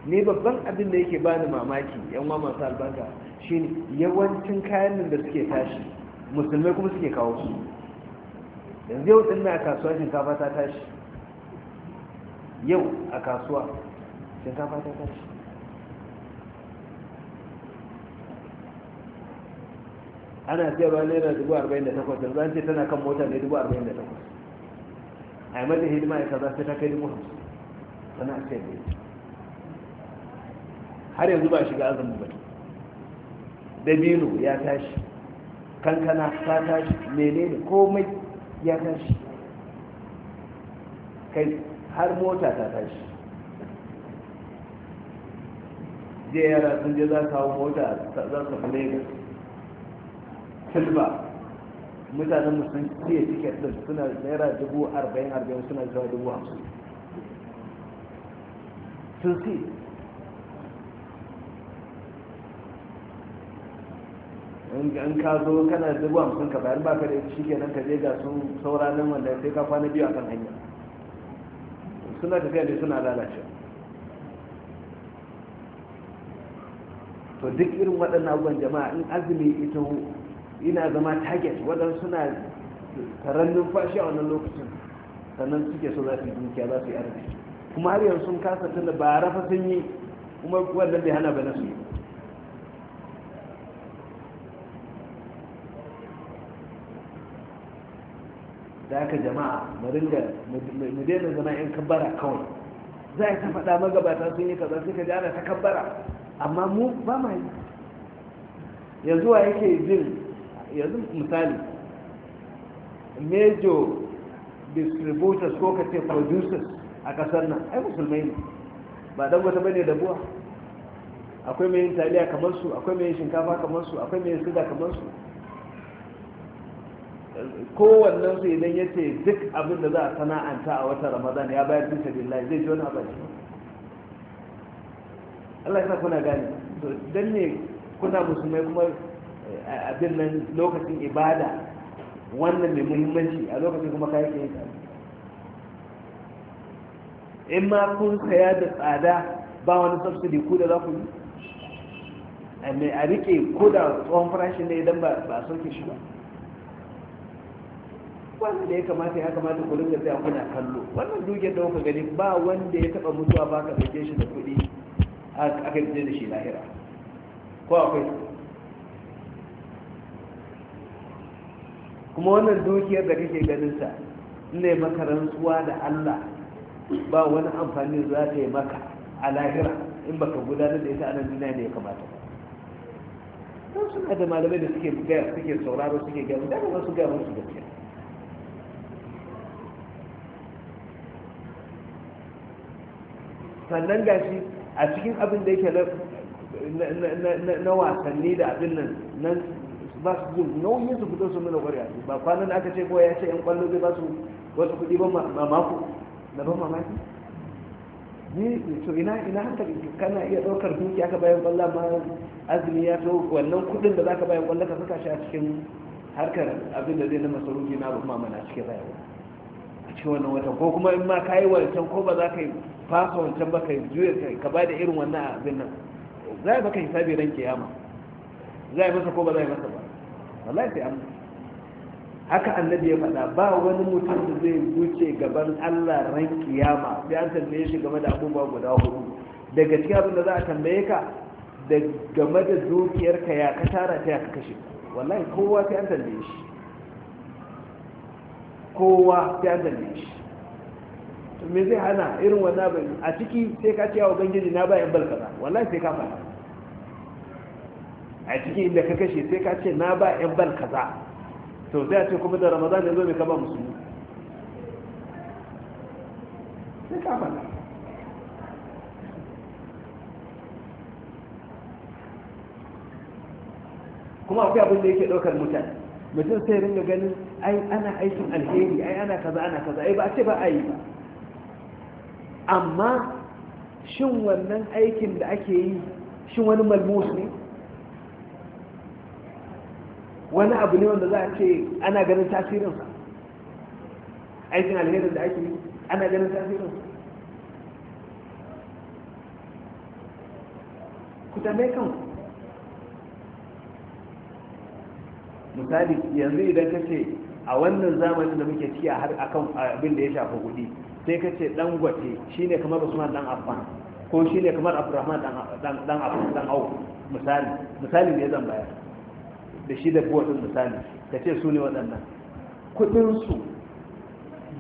ne babban abin da yake bani mamaki yan wa masu albarka shine yawancin kayan nan da suke tashi musulmai kuma suke kawo su yanzu yau din na kasuwa shinkafa ta tashi yau a kasuwa shinkafa ta tashi ana sayarwa naira dubu arba'in da takwas da zan ce tana kan mota ne dubu arba'in da takwas a yi mata hidima ya kaza sai ta kai dubu hamsin sana a sayar har yanzu ba shiga azumin ba dabino ya tashi kankana ta tashi menene komai ya tashi kai har mota ta tashi jiya yara sun je za su hau mota za su fi lagos tilba mutanen mu sun siya tiket din suna naira dubu arba'in arba'in suna zuwa dubu hamsin sun si in ka zo kana dubu hamsin ka bayan ba ka da shi kenan ka je ga sun sauranin wanda sai ka kwana biyu a kan hanya suna tafiya da suna lalacewa to duk irin waɗannan abubuwan jama'a in azumi ita ina zama target waɗanda suna taron numfashi a wannan lokacin sannan suke so za su yi dukiya za su yi arziki kuma har yanzu sun kasa tunda ba rafa sun yi kuma wannan bai hana ba na su yi da aka jama'a mu daina zama 'yan kabbara kawai za ta faɗa magabata sun yi kaza ka ji ana ta kabbara amma mu ba ma yi yanzu wa yake jin yanzu misali major distributors ko kace producers a kasar nan ai musulmai ne ba dan wata bane da buwa akwai mai yin taliya kamar su akwai mai yin shinkafa kamar su akwai mai yin sida kamar su kowannen su idan ya ce duk abin da za a sana'anta a wata ramadan ya bayar fi sabi zai ji wani abin Allah ya sa kuna gane to dan ne kuna musulmai kuma eh, abin nan lokacin ibada wannan mai muhimmanci a lokacin kuma kayan ke yin in ma kun saya da tsada ba wani subsidy ku da za ku yi mai a rike ko da tsohon farashin ne idan ba a sauke shi ba wannan da ya kamata ya kamata ku da tsaya kuna kallo wannan dukiyar da kuka gani ba wanda ya taba mutuwa ba ka dauke shi da kuɗi aka yi da shi lahira ko akwai kuma wannan dukiyar da kake ganinsa ne maka rantsuwa da allah ba wani amfani za ta yi maka a lahira in baka gudanar da ita anan duniya ne ya kamata don suna da malamai da suke gaya suke sauraro suke gaya da kuma su gano su gaskiya sannan gashi a cikin abin da yake na wasanni da abin nan nan ba su jin nauyin su fito su mana ƙwarya ba kwanan aka ce ko ya ce 'yan kwallo zai ba su wasu kuɗi ba mamaku. na ban mamaki ni to ina ina hankali kana iya ɗaukar duki aka bayan kwallo ma azumi ya to wannan kuɗin da zaka bayan kwallo ka saka shi a cikin harkar abin da zai na masarufi na ba mamana cikin rayuwa ci wannan watan ko kuma in ma ka yi wancan ko ba za ka yi fasa wancan ba ka juya ka ba da irin wannan abin nan za a baka hisabi ran kiyama za a masa ko ba za a masa ba wallahi sai an haka annabi ya faɗa ba wani mutum da zai wuce gaban Allah ran kiyama sai an tambaye shi game da abubuwa guda hudu daga cikin abin da za a tambaye ka da game da dukiyarka ya ka tara ta ya ka kashe wallahi kowa sai an tambaye shi kowa ya zane shi to me zai hana irin wannan ba a ciki sai ka cewa ubangiji na bayan bal kaza wallahi sai ka faɗa a ciki inda ka kashe sai ka ce na ba yan bal kaza to sai a ce kuma da ramadan yanzu mai kaba musulmi sai ka faɗa kuma akwai abin da yake ɗaukar mutane mutum sai ringa ganin ai ana aikin alheri ai ana kaza ana kaza ai eh, ba a ce ba a yi ba amma shin wannan aikin da ake yi shin wani malmus ne wani abu ne wanda za a ce ana ganin tasirinsa aikin alherin da ake yi ana ganin tasirin ku tambaye kanku misali yanzu idan ka ce a wannan zamanin da muke ciki har akan abin da ya shafi kuɗi sai ka ce dan gwate shine kamar usman dan affan ko shine kamar abdurrahman dan dan dan au misali misali ne zan bayar da shi da buwadin misali ka ce su ne waɗannan kuɗinsu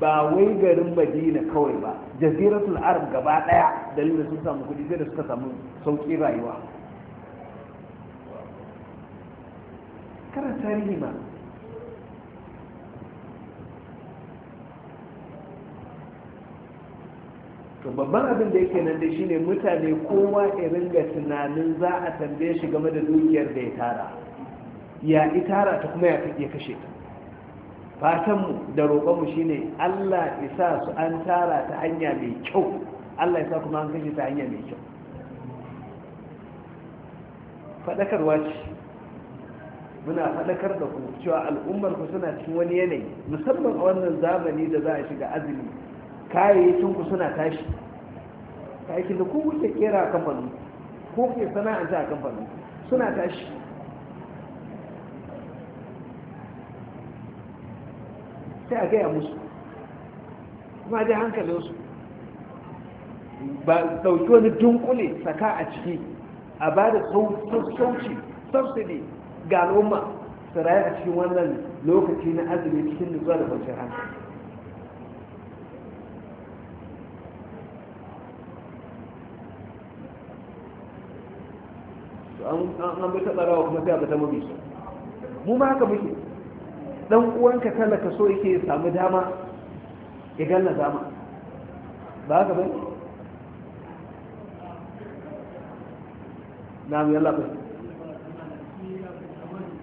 ba wai garin madina kawai ba jaziratul arab gaba ɗaya dalilin sun samu kuɗi sai da suka samu sauƙi rayuwa kada tarihi ma to babban abin da yake nan dai shine mutane kowa ya ringa tunanin za a tambaye shi game da dukiyar da ya tara ya tara ta kuma ya kashe ta fatanmu da roƙonmu shine Allah isa su an tara ta hanya mai kyau Allah isa kuma an kashe ta hanya mai kyau faɗakarwa ce muna faɗakar da ku cewa al'ummar ku suna cikin wani yanayi musamman a wannan zamani da za a shiga azumi kayayyakin ku suna tashi kayayyakin da ku kuke kera a kamfanin ko kuke sana'anta a kamfanin suna tashi sai a gaya musu kuma ji wasu. ba ɗauki wani dunkule saka a ciki a ba da sauci, subsidy ga al'umma su rayu a cikin wannan lokaci na azumi cikin nutsuwa da kwanciyar hankali an bi taɓa rawa kuma sai a bata mabi su mu ma haka muke dan uwanka talaka so yake samu dama ya ganna dama ba haka bane na mu yalla ba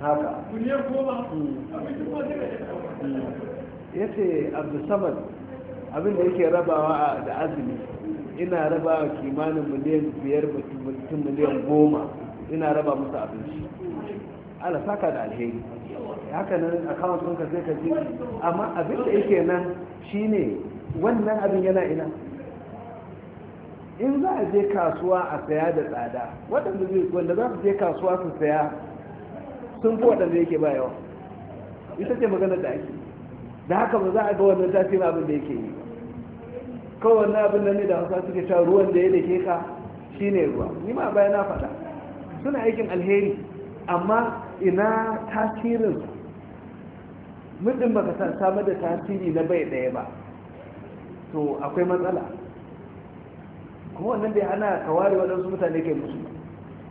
haka ya ce abinda yake rabawa da azumi ina rabawa kimanin miliyan biyar mutum miliyan goma ina raba musu abinci ala saka da alheri haka nan akawun ɗinka sai ka ji amma abinda yake nan shine wannan abin yana ina in za a je kasuwa a saya da tsada waɗanda zai wanda za su je kasuwa su saya sun fi waɗanda yake ba yawa ita ce maganar da ake da haka ba za a ga wannan tasirin abin da yake yi kawai wannan abin da ne da hausa suke sha ruwan da ya dake ka shine ruwa ni ma baya na faɗa suna aikin alheri amma ina tasirin muddin baka samar da tasiri na bai ɗaya ba to akwai matsala kuma wannan bai ana kaware waɗansu mutane ke musu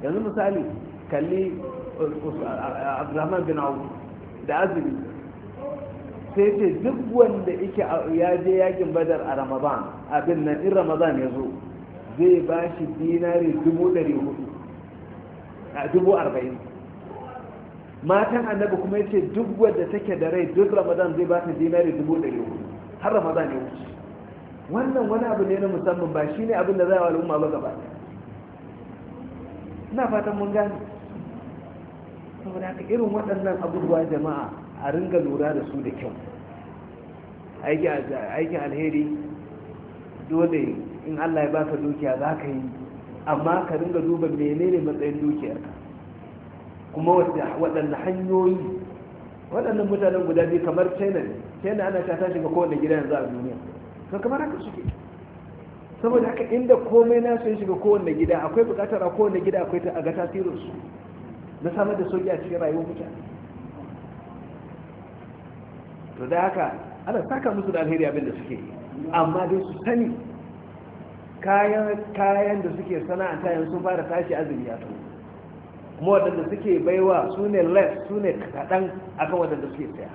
yanzu misali kalli abdurrahman bin awu da azumi sai ce duk wanda yake ya je yakin badar a ramadan abin nan in ramadan ya zo zai ba shi dinari dubu dari hudu a dubu arba'in matan annabi kuma yace duk wadda take da rai duk ramadan zai ba ta dinari dubu dari hudu har ramadan ya wuce wannan wani abu ne na musamman ba shine abin da za a al'umma ba gaba ina fatan mun gane saboda haka irin waɗannan abubuwa jama'a a ringa lura da su da kyau aikin alheri dole in allah ya baka dukiya za ka yi amma ka ringa duba menene matsayin dukiyarka kuma waɗanne hanyoyi waɗannan mutanen guda biyu kamar china ne china ana shata tashi ga kowane gida yanzu a duniya to kamar haka suke saboda haka inda komai na sun shiga kowane gida akwai bukatar a kowane gida akwai ta a tasirinsu na samar da soke a cikin rayuwar mutane to da haka ana saka musu da alheri abin da suke amma dai su sani kayan da suke sana'anta yanzu sun fara tashi azumi ya to kuma waɗanda suke baiwa su ne less su ne kaɗan kan waɗanda suke saya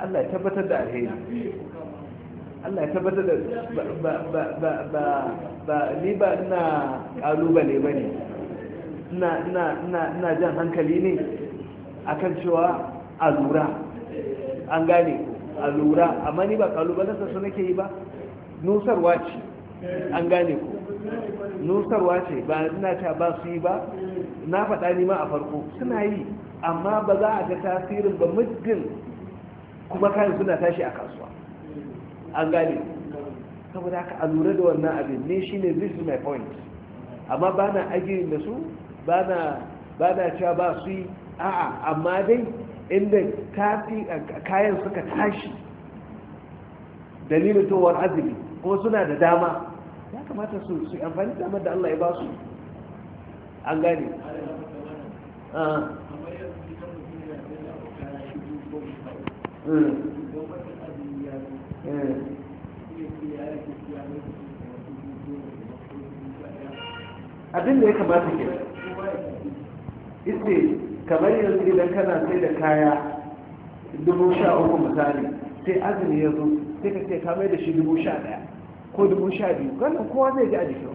Allah ya tabbatar da alheri
Allah ya tabbatar da ba ni ba ina kalubale ba ne ina jan hankali ne a kan cewa a lura an gane a lura amma ni ba kalubalensa su nake yi ba nusarwa ce an gane ku nusarwa ce ba ina ta ba su yi ba na faɗa ni a farko suna yi amma ba za a ga tasirin ba muddin kuma kayan suna tashi a kasuwa an gane saboda haka a lura da wannan abin ne shine this is my point amma ba na agirin da su ba na cewa ba su yi a'a amma dai inda kayan suka tashi dalilin towar azumi ko suna da dama ya kamata su su amfani damar da Allah ya ba su an gane Mm. Eh.
abin da ya kamata ke
isi kamar yanzu idan kana sai da kaya dubu sha uku misali sai azumi ya zo sai ka ce ka mai da shi dubu sha daya ko dubu sha biyu wannan kowa zai ji a jikin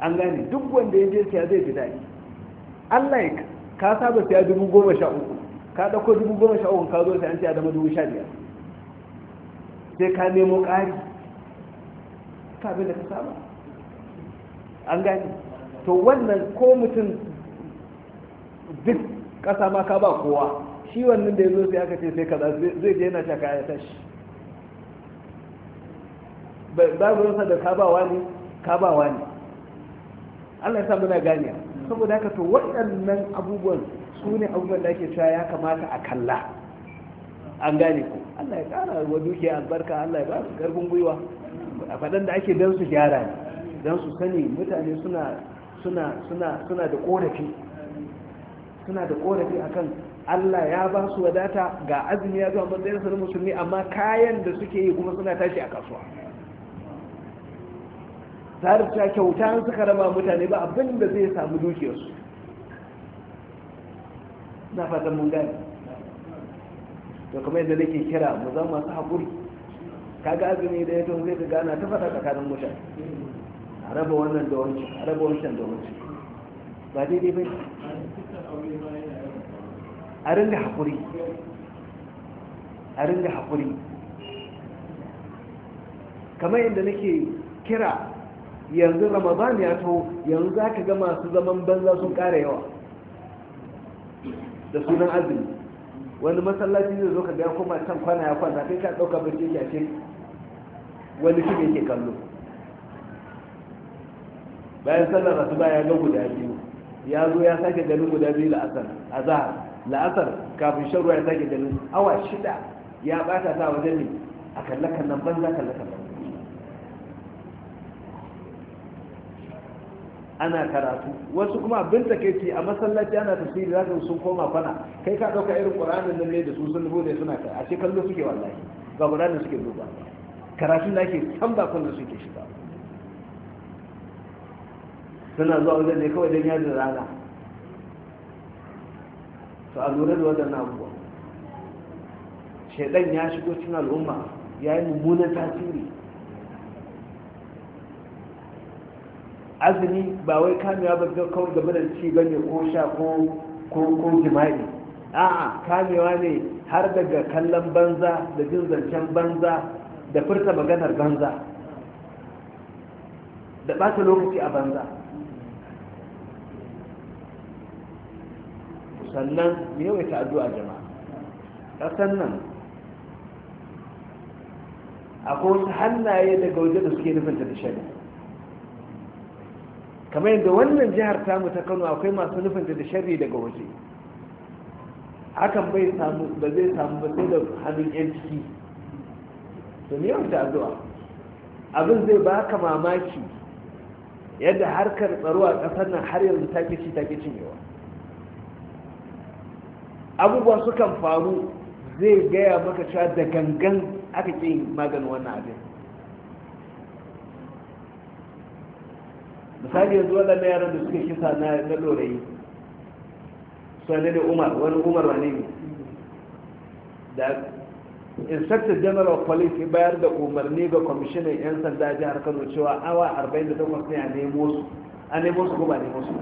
an gane duk wanda ya je siya zai ji daɗi allah ka saba siya dubu goma sha uku ka ɗauko dubu goma sha uku ka zo sai an siya zama dubu sha biyar sai ka nemo ƙari ka abin da ka samu an gani to wannan ko mutum duk ƙasa ma ka ba kowa shi wannan da ya zo sai aka ce sai kaza zai je yana shaka ya tashi ba mu rasa da ka ba wani ka ba wani Allah ya sa muna gani saboda haka to waɗannan abubuwan su ne abubuwan da ake cewa ya kamata a kalla an gane ku Allah ya kara wa dukiya albarka Allah ya ba su karfin gwiwa a faɗan da ake don su gyara ne don su sani mutane suna suna suna suna da korafi suna da korafi akan Allah ya ba su wadata ga azumi ya zuwa matsayin su musulmi amma kayan da suke yi kuma suna tashi a kasuwa tare ta kyauta an suka raba mutane ba abin da zai samu dukiyarsu na fatan mun gane to kamar yadda nake kira mu zama masu haƙuri kaga azumi da ya tun zai ga ana tafata tsakanin mutane a raba wannan da wancan a raba wancan da wancan ba daidai ba a ringa haƙuri a ringa haƙuri kamar yadda nake kira yanzu ramadan ya to yanzu za ka ga masu zaman banza sun ƙara yawa da sunan azumi wani masallaci zai zo ka ga ya koma can kwana ya kwana, kai ka ɗauka barci shi a ce wani shi yake kallo bayan sallar asuba ya ga guda biyu ya zo ya sake ganin guda biyu la'asar a la la'asar kafin shan ruwa ya sake ganin awa shida ya bata ta wajen ne a kallakan nan banza kalle ana karatu wasu kuma abin takeici a masallaci ana tafsiri za su sun koma fana kai ka dauka irin qur'anin nan ne da su sun rubuta suna kai a ce kallo suke wallahi ba qur'anin suke duba karatun da ake san ba kullu suke shiga suna zuwa wajen ne kawai dan yadda rana to a lura da na abubuwa shaidan ya shigo cikin al'umma ya yi mummunan tasiri azumi ba wai kamewa ba zai kawai game da ci ne ko sha ko jima'i a'a kamewa ne har daga kallon banza da jin zancen banza da furta maganar banza da ɓata lokaci a banza sannan yawaita a jama'a ƙasan nan akwai wasu hannaye daga waje da suke nufinta da shari'a kamar yadda wannan jihar tamu ta kano akwai masu nufin da sharri daga waje hakan bai samu ba zai samu ba sai da hannun yan ciki to ne yawan addu'a abin zai ba ka mamaki yadda harkar tsaro a ƙasar nan har yanzu ta kici ta kicin yawa abubuwa sukan faru zai gaya maka cewa da gangan aka ƙi maganin wannan abin misali yanzu waɗannan yaran da suka kisa na na lorayi sane da umar wani umar wani ne da inspector general of police bayar da umarni ga kwamishinan 'yan sanda jihar kano cewa awa 48 ne a nemo su a nemo su kuma nemo su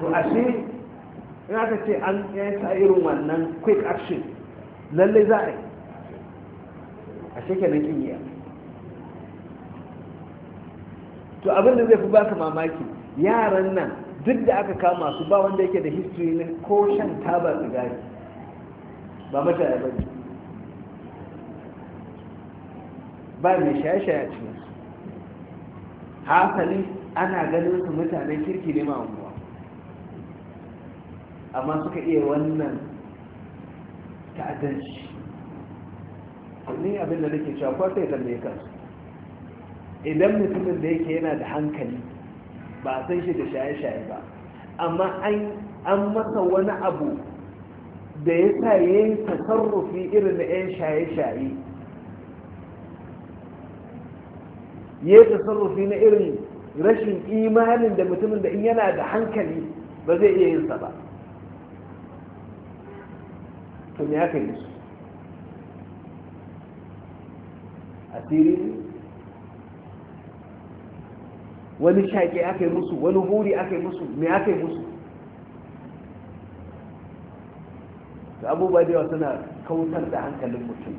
to ashe in aka ce an yi irin wannan quick action lallai za a yi a shekenan kimiya to abin da zai fi baka mamaki yaran nan duk da aka kama su ba wanda yake da history na ko shan taba sigari ba mata ya bari ba mai shaye-shaye cikin su hasali ana ganin su mutanen kirki ne ma unguwa amma suka iya wannan ta'addanci ni abin da nake cewa ko sai tambaye kansu idan mutumin da yake yana da hankali ba san shi da shaye-shaye ba amma an masa wani abu da ya sa ya yi tasarrufi irin da 'yan shaye-shaye ya yi tasarrufi na irin rashin imanin da mutumin da in yana da hankali ba zai iya yinsa ba to ya aka su asiri wani shaƙe aka yi musu wani huri aka yi musu me aka yi musu da abubuwa da yawa suna kautar da hankalin mutum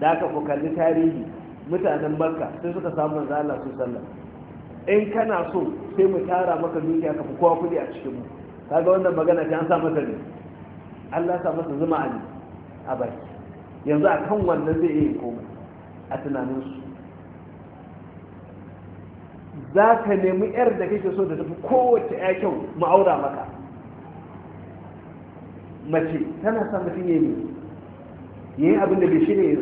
da aka kalli tarihi mutanen Barka sai suka samu da Allah su sallah in kana so sai mu tara maka dukiya ka fi kowa kudi a cikin mu kaga wannan magana ta an sa masa ne Allah sa masa zuma a a baki yanzu a kan wannan zai iya komai a tunaninsu za ka nemi yar da kake so da tafi kowace ya kyau ma'aura maka mace tana sa mutum ya yi ya yi abin da bai shi ne ya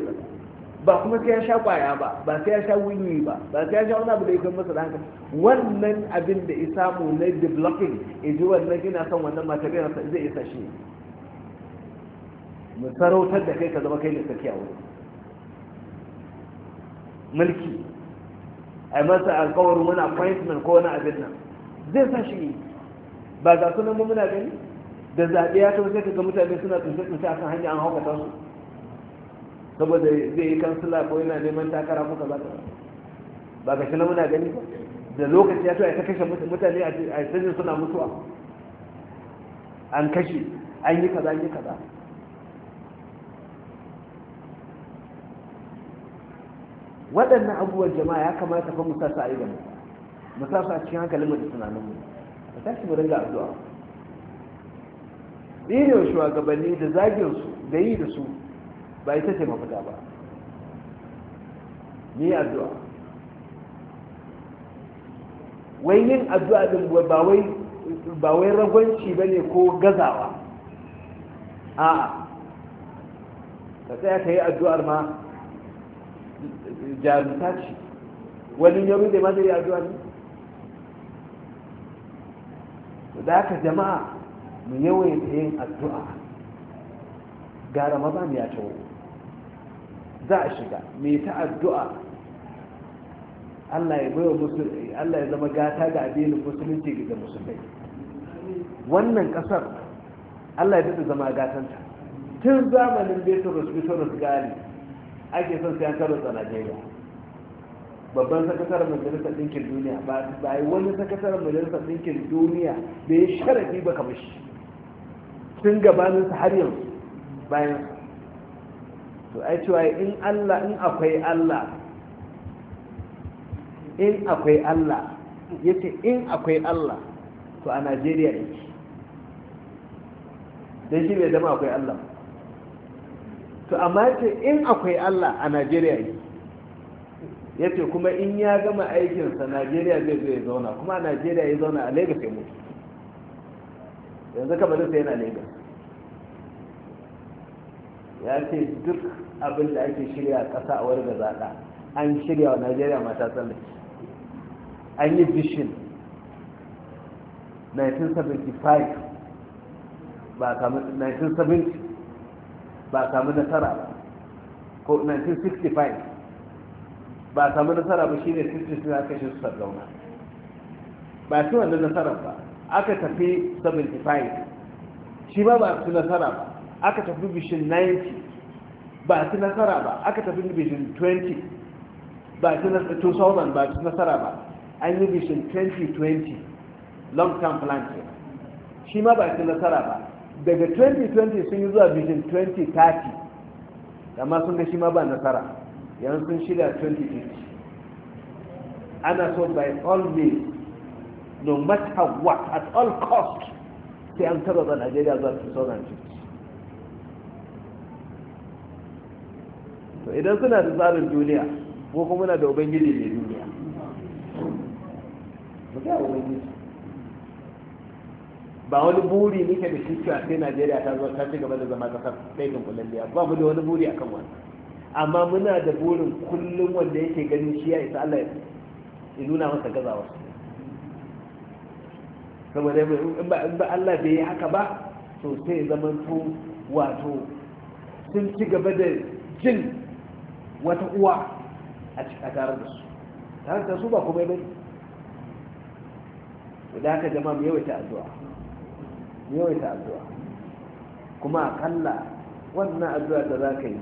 ba kuma sai ya sha kwaya ba ba sai ya sha wuyi ba ba sai ya sha wani abu da ya kan masa hankali wannan abin da ya samu na developing ya ji wannan gina son wannan matar yana zai isa shi mu sarautar da kai ka zama kai ne tsakiya wurin mulki a masa alkawarin wani appointment ko wani abin nan zai sa shi ba su nan ba muna gani da zaɓe ya ta wajen ga mutane suna tsince-tsince a kan hanya an haukata su saboda zai yi kansila ko yana neman takara ko kaza ba ga shi na muna gani ba da lokaci ya ta kashe mutane a sanin suna mutuwa an kashe an yi kaza an yi kaza waɗannan abubuwan jama'a ya kamata fa mu sa su a mu sa cikin hankalin mu da tunanin mu mu tashi mu dinga addu'a dine wa shugabanni da zagin su da yi da su ba ita ce mafita ba ni addu'a wai yin addu'a din ba wai ba wai ragwanci bane ko gazawa a'a ka tsaya ka yi addu'ar ma jarumta ce wani ya rude ma zai yi addu'a ne da haka jama'a mu yawaita yin addu'a ga ramadan ya tawo za a shiga mai ta addu'a Allah ya baiwa musulmi Allah ya zama gata ga abin musulunci ga musulmai wannan kasar Allah ya daɗa zama gatanta tun zamanin Bitrus Bitrus Gali ake son sai an karo a najeriya babban sakataren majalisar ɗinkin duniya ba yi wani sakataren majalisar ɗinkin duniya da ya sharafi ba kamar shi sun gabanin su har yanzu bayan to ai cewa in allah in akwai allah in akwai allah ya ce in akwai allah to a najeriya yake don shi bai zama akwai allah to amma ce in akwai Allah a Najeriya yi ya ce kuma in ya gama aikinsa Najeriya zai zo ya zauna kuma a Najeriya ya zauna a Lagos ya mutu yanzu kama sai yana Lagos ya ce duk abin da ake shirya a ƙasa a wani gazaɗa an shirya wa Najeriya mata tsalle an yi vision 1975 ba kamar 1970 ba samu nasara ba ko 1965 ba samu nasara ba shine 66 aka shi su sarrauna ba su wanda nasarar ba aka tafi 75 shi ma ba su nasara ba aka tafi bishin 90 ba su nasara ba aka tafi bishin 20 ba aka tafi nasara 20. ba su nasara ba an yi bishin 2020 long term plan shi ma ba su nasara ba daga 2020 sun yi zuwa vision 2030 amma sun ga shi ma ba nasara yanzu sun shirya 2050 ana so by all means no matter what at all cost sai an taba ba najeriya zuwa 2050 to idan suna da tsarin duniya ko kuma na da ubangiji mai duniya mu ga ubangiji ba wani buri muke da shi cewa sai najeriya ta zo ta ci gaba da zama kasar ɗaikin kullalliya ba mu da wani buri akan wannan amma muna da burin kullum wanda yake ganin shi ya isa allah ya nuna masa gazawa saboda in ba allah bai yi haka ba to sai zama to wato sun ci gaba da jin wata uwa a tare da su tare da su ba kuma bai da haka jama'a mu yawaita addu'a yawaita addu'a kuma akalla wannan addu'a da za ka yi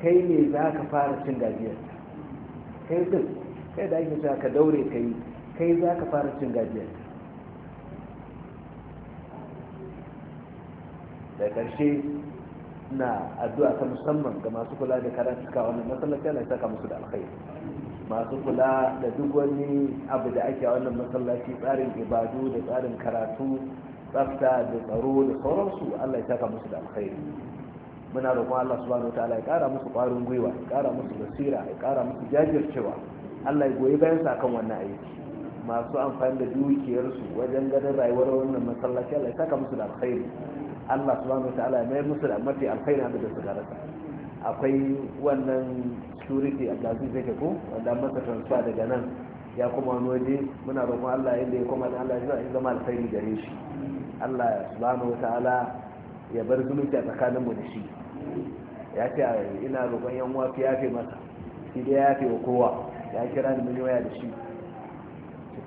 kai ne za ka fara cin gajiyar kai duk kai da ake cewa ka daure ka yi kai za ka fara cin gajiyar da ƙarshe na addu'a ta musamman ga masu kula da karantuka wannan masallaci ana saka musu da alkhairi masu kula da duk wani abu da ake a wannan masallaci tsarin ibadu da tsarin karatu tsafta da tsaro da sauransu Allah ya saka musu da alkhairi muna roƙon Allah subhanahu wataala ya ƙara musu ƙwarin gwiwa ya ƙara musu basira ya ƙara musu jajircewa Allah ya goyi bayan sa kan wannan aiki masu amfani da dukiyarsu wajen ganin rayuwar wannan masallaci Allah ya saka musu da alkhairi Allah subhanahu wataala ya mayar musu da mafi alkhairi da suka rasa akwai wannan a Abdulaziz zai ko wanda masa transfer daga nan ya kuma wani waje muna roƙon Allah yadda ya koma da Allah ya zama alkhairi gare shi Allah subhanahu ta'ala ya bar zumunci a tsakanin mu da shi ya ce ina roƙon yan uwa fi yafe masa shi dai yafe wa kowa ya kira ni mun waya da shi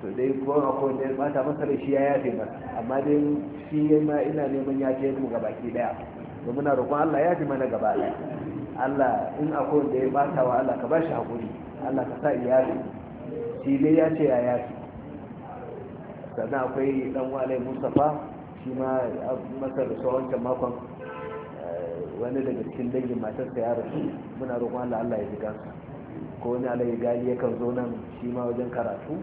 to dai ko akwai wanda ya bata masa da shi ya yafe masa amma dai shi ma ina neman yafe mu ki daya to muna roƙon Allah ya yafe mana gaba daya Allah in akwai wanda ya bata wa Allah ka bashi hakuri Allah ka sa iyali shi dai ya ce ya yafe sannan akwai dan walai Mustapha shi ma masa da wancan makon eh, wani daga cikin dangin matarsa ya rasu muna roƙon Allah Allah ya jiga su ko wani ya gali yakan zo nan shi ma wajen karatu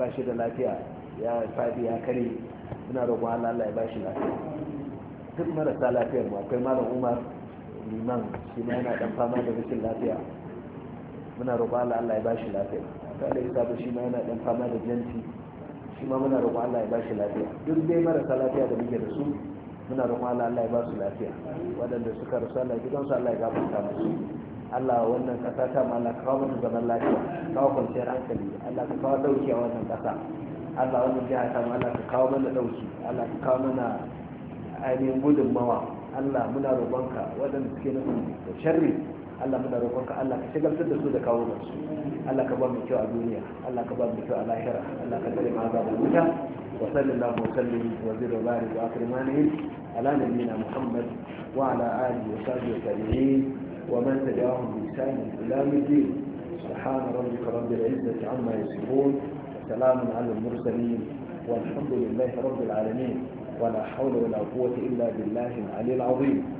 ba shi da lafiya ya fadi ya kare muna roƙon Allah Allah ya ba shi lafiya duk marasa lafiyar mu akwai malam Umar liman shi ma yana dan fama da rashin lafiya muna roƙon Allah Allah ya ba shi lafiya kada ya sabu shi ma yana dan fama da janti shi ma muna roƙon Allah ya ba shi lafiya duk dai marasa lafiya da muke da su muna roƙon Allah Allah ya ba su lafiya waɗanda suka rasu Allah ya gidansu Allah ya gafarta musu Allah wannan kasa ta ma Allah kawo musu zaman lafiya kawo kwanciyar hankali Allah ka kawo ɗauki a wannan ƙasa Allah wannan jiha ta ma Allah ka kawo mana ɗauki Allah ka kawo mana ainihin gudunmawa Allah muna roƙonka waɗanda suke nufin da sharri Allah muna roƙonka Allah ka shigar da su da kawo da su Allah ka ba mu kyau a duniya Allah ka ba mu kyau a lahira Allah ka tsare mu azabar wuta wa sallallahu wasallim wa zira bari wa akrimani ala nabiyina Muhammad wa ala alihi wa sahbihi tabi'in wa man tabi'ahum bi ihsan ila yawmiddin سبحان ربك رب العزة عما يصفون وسلام على المرسلين والحمد لله رب العالمين ولا حول ولا قوة إلا بالله العلي العظيم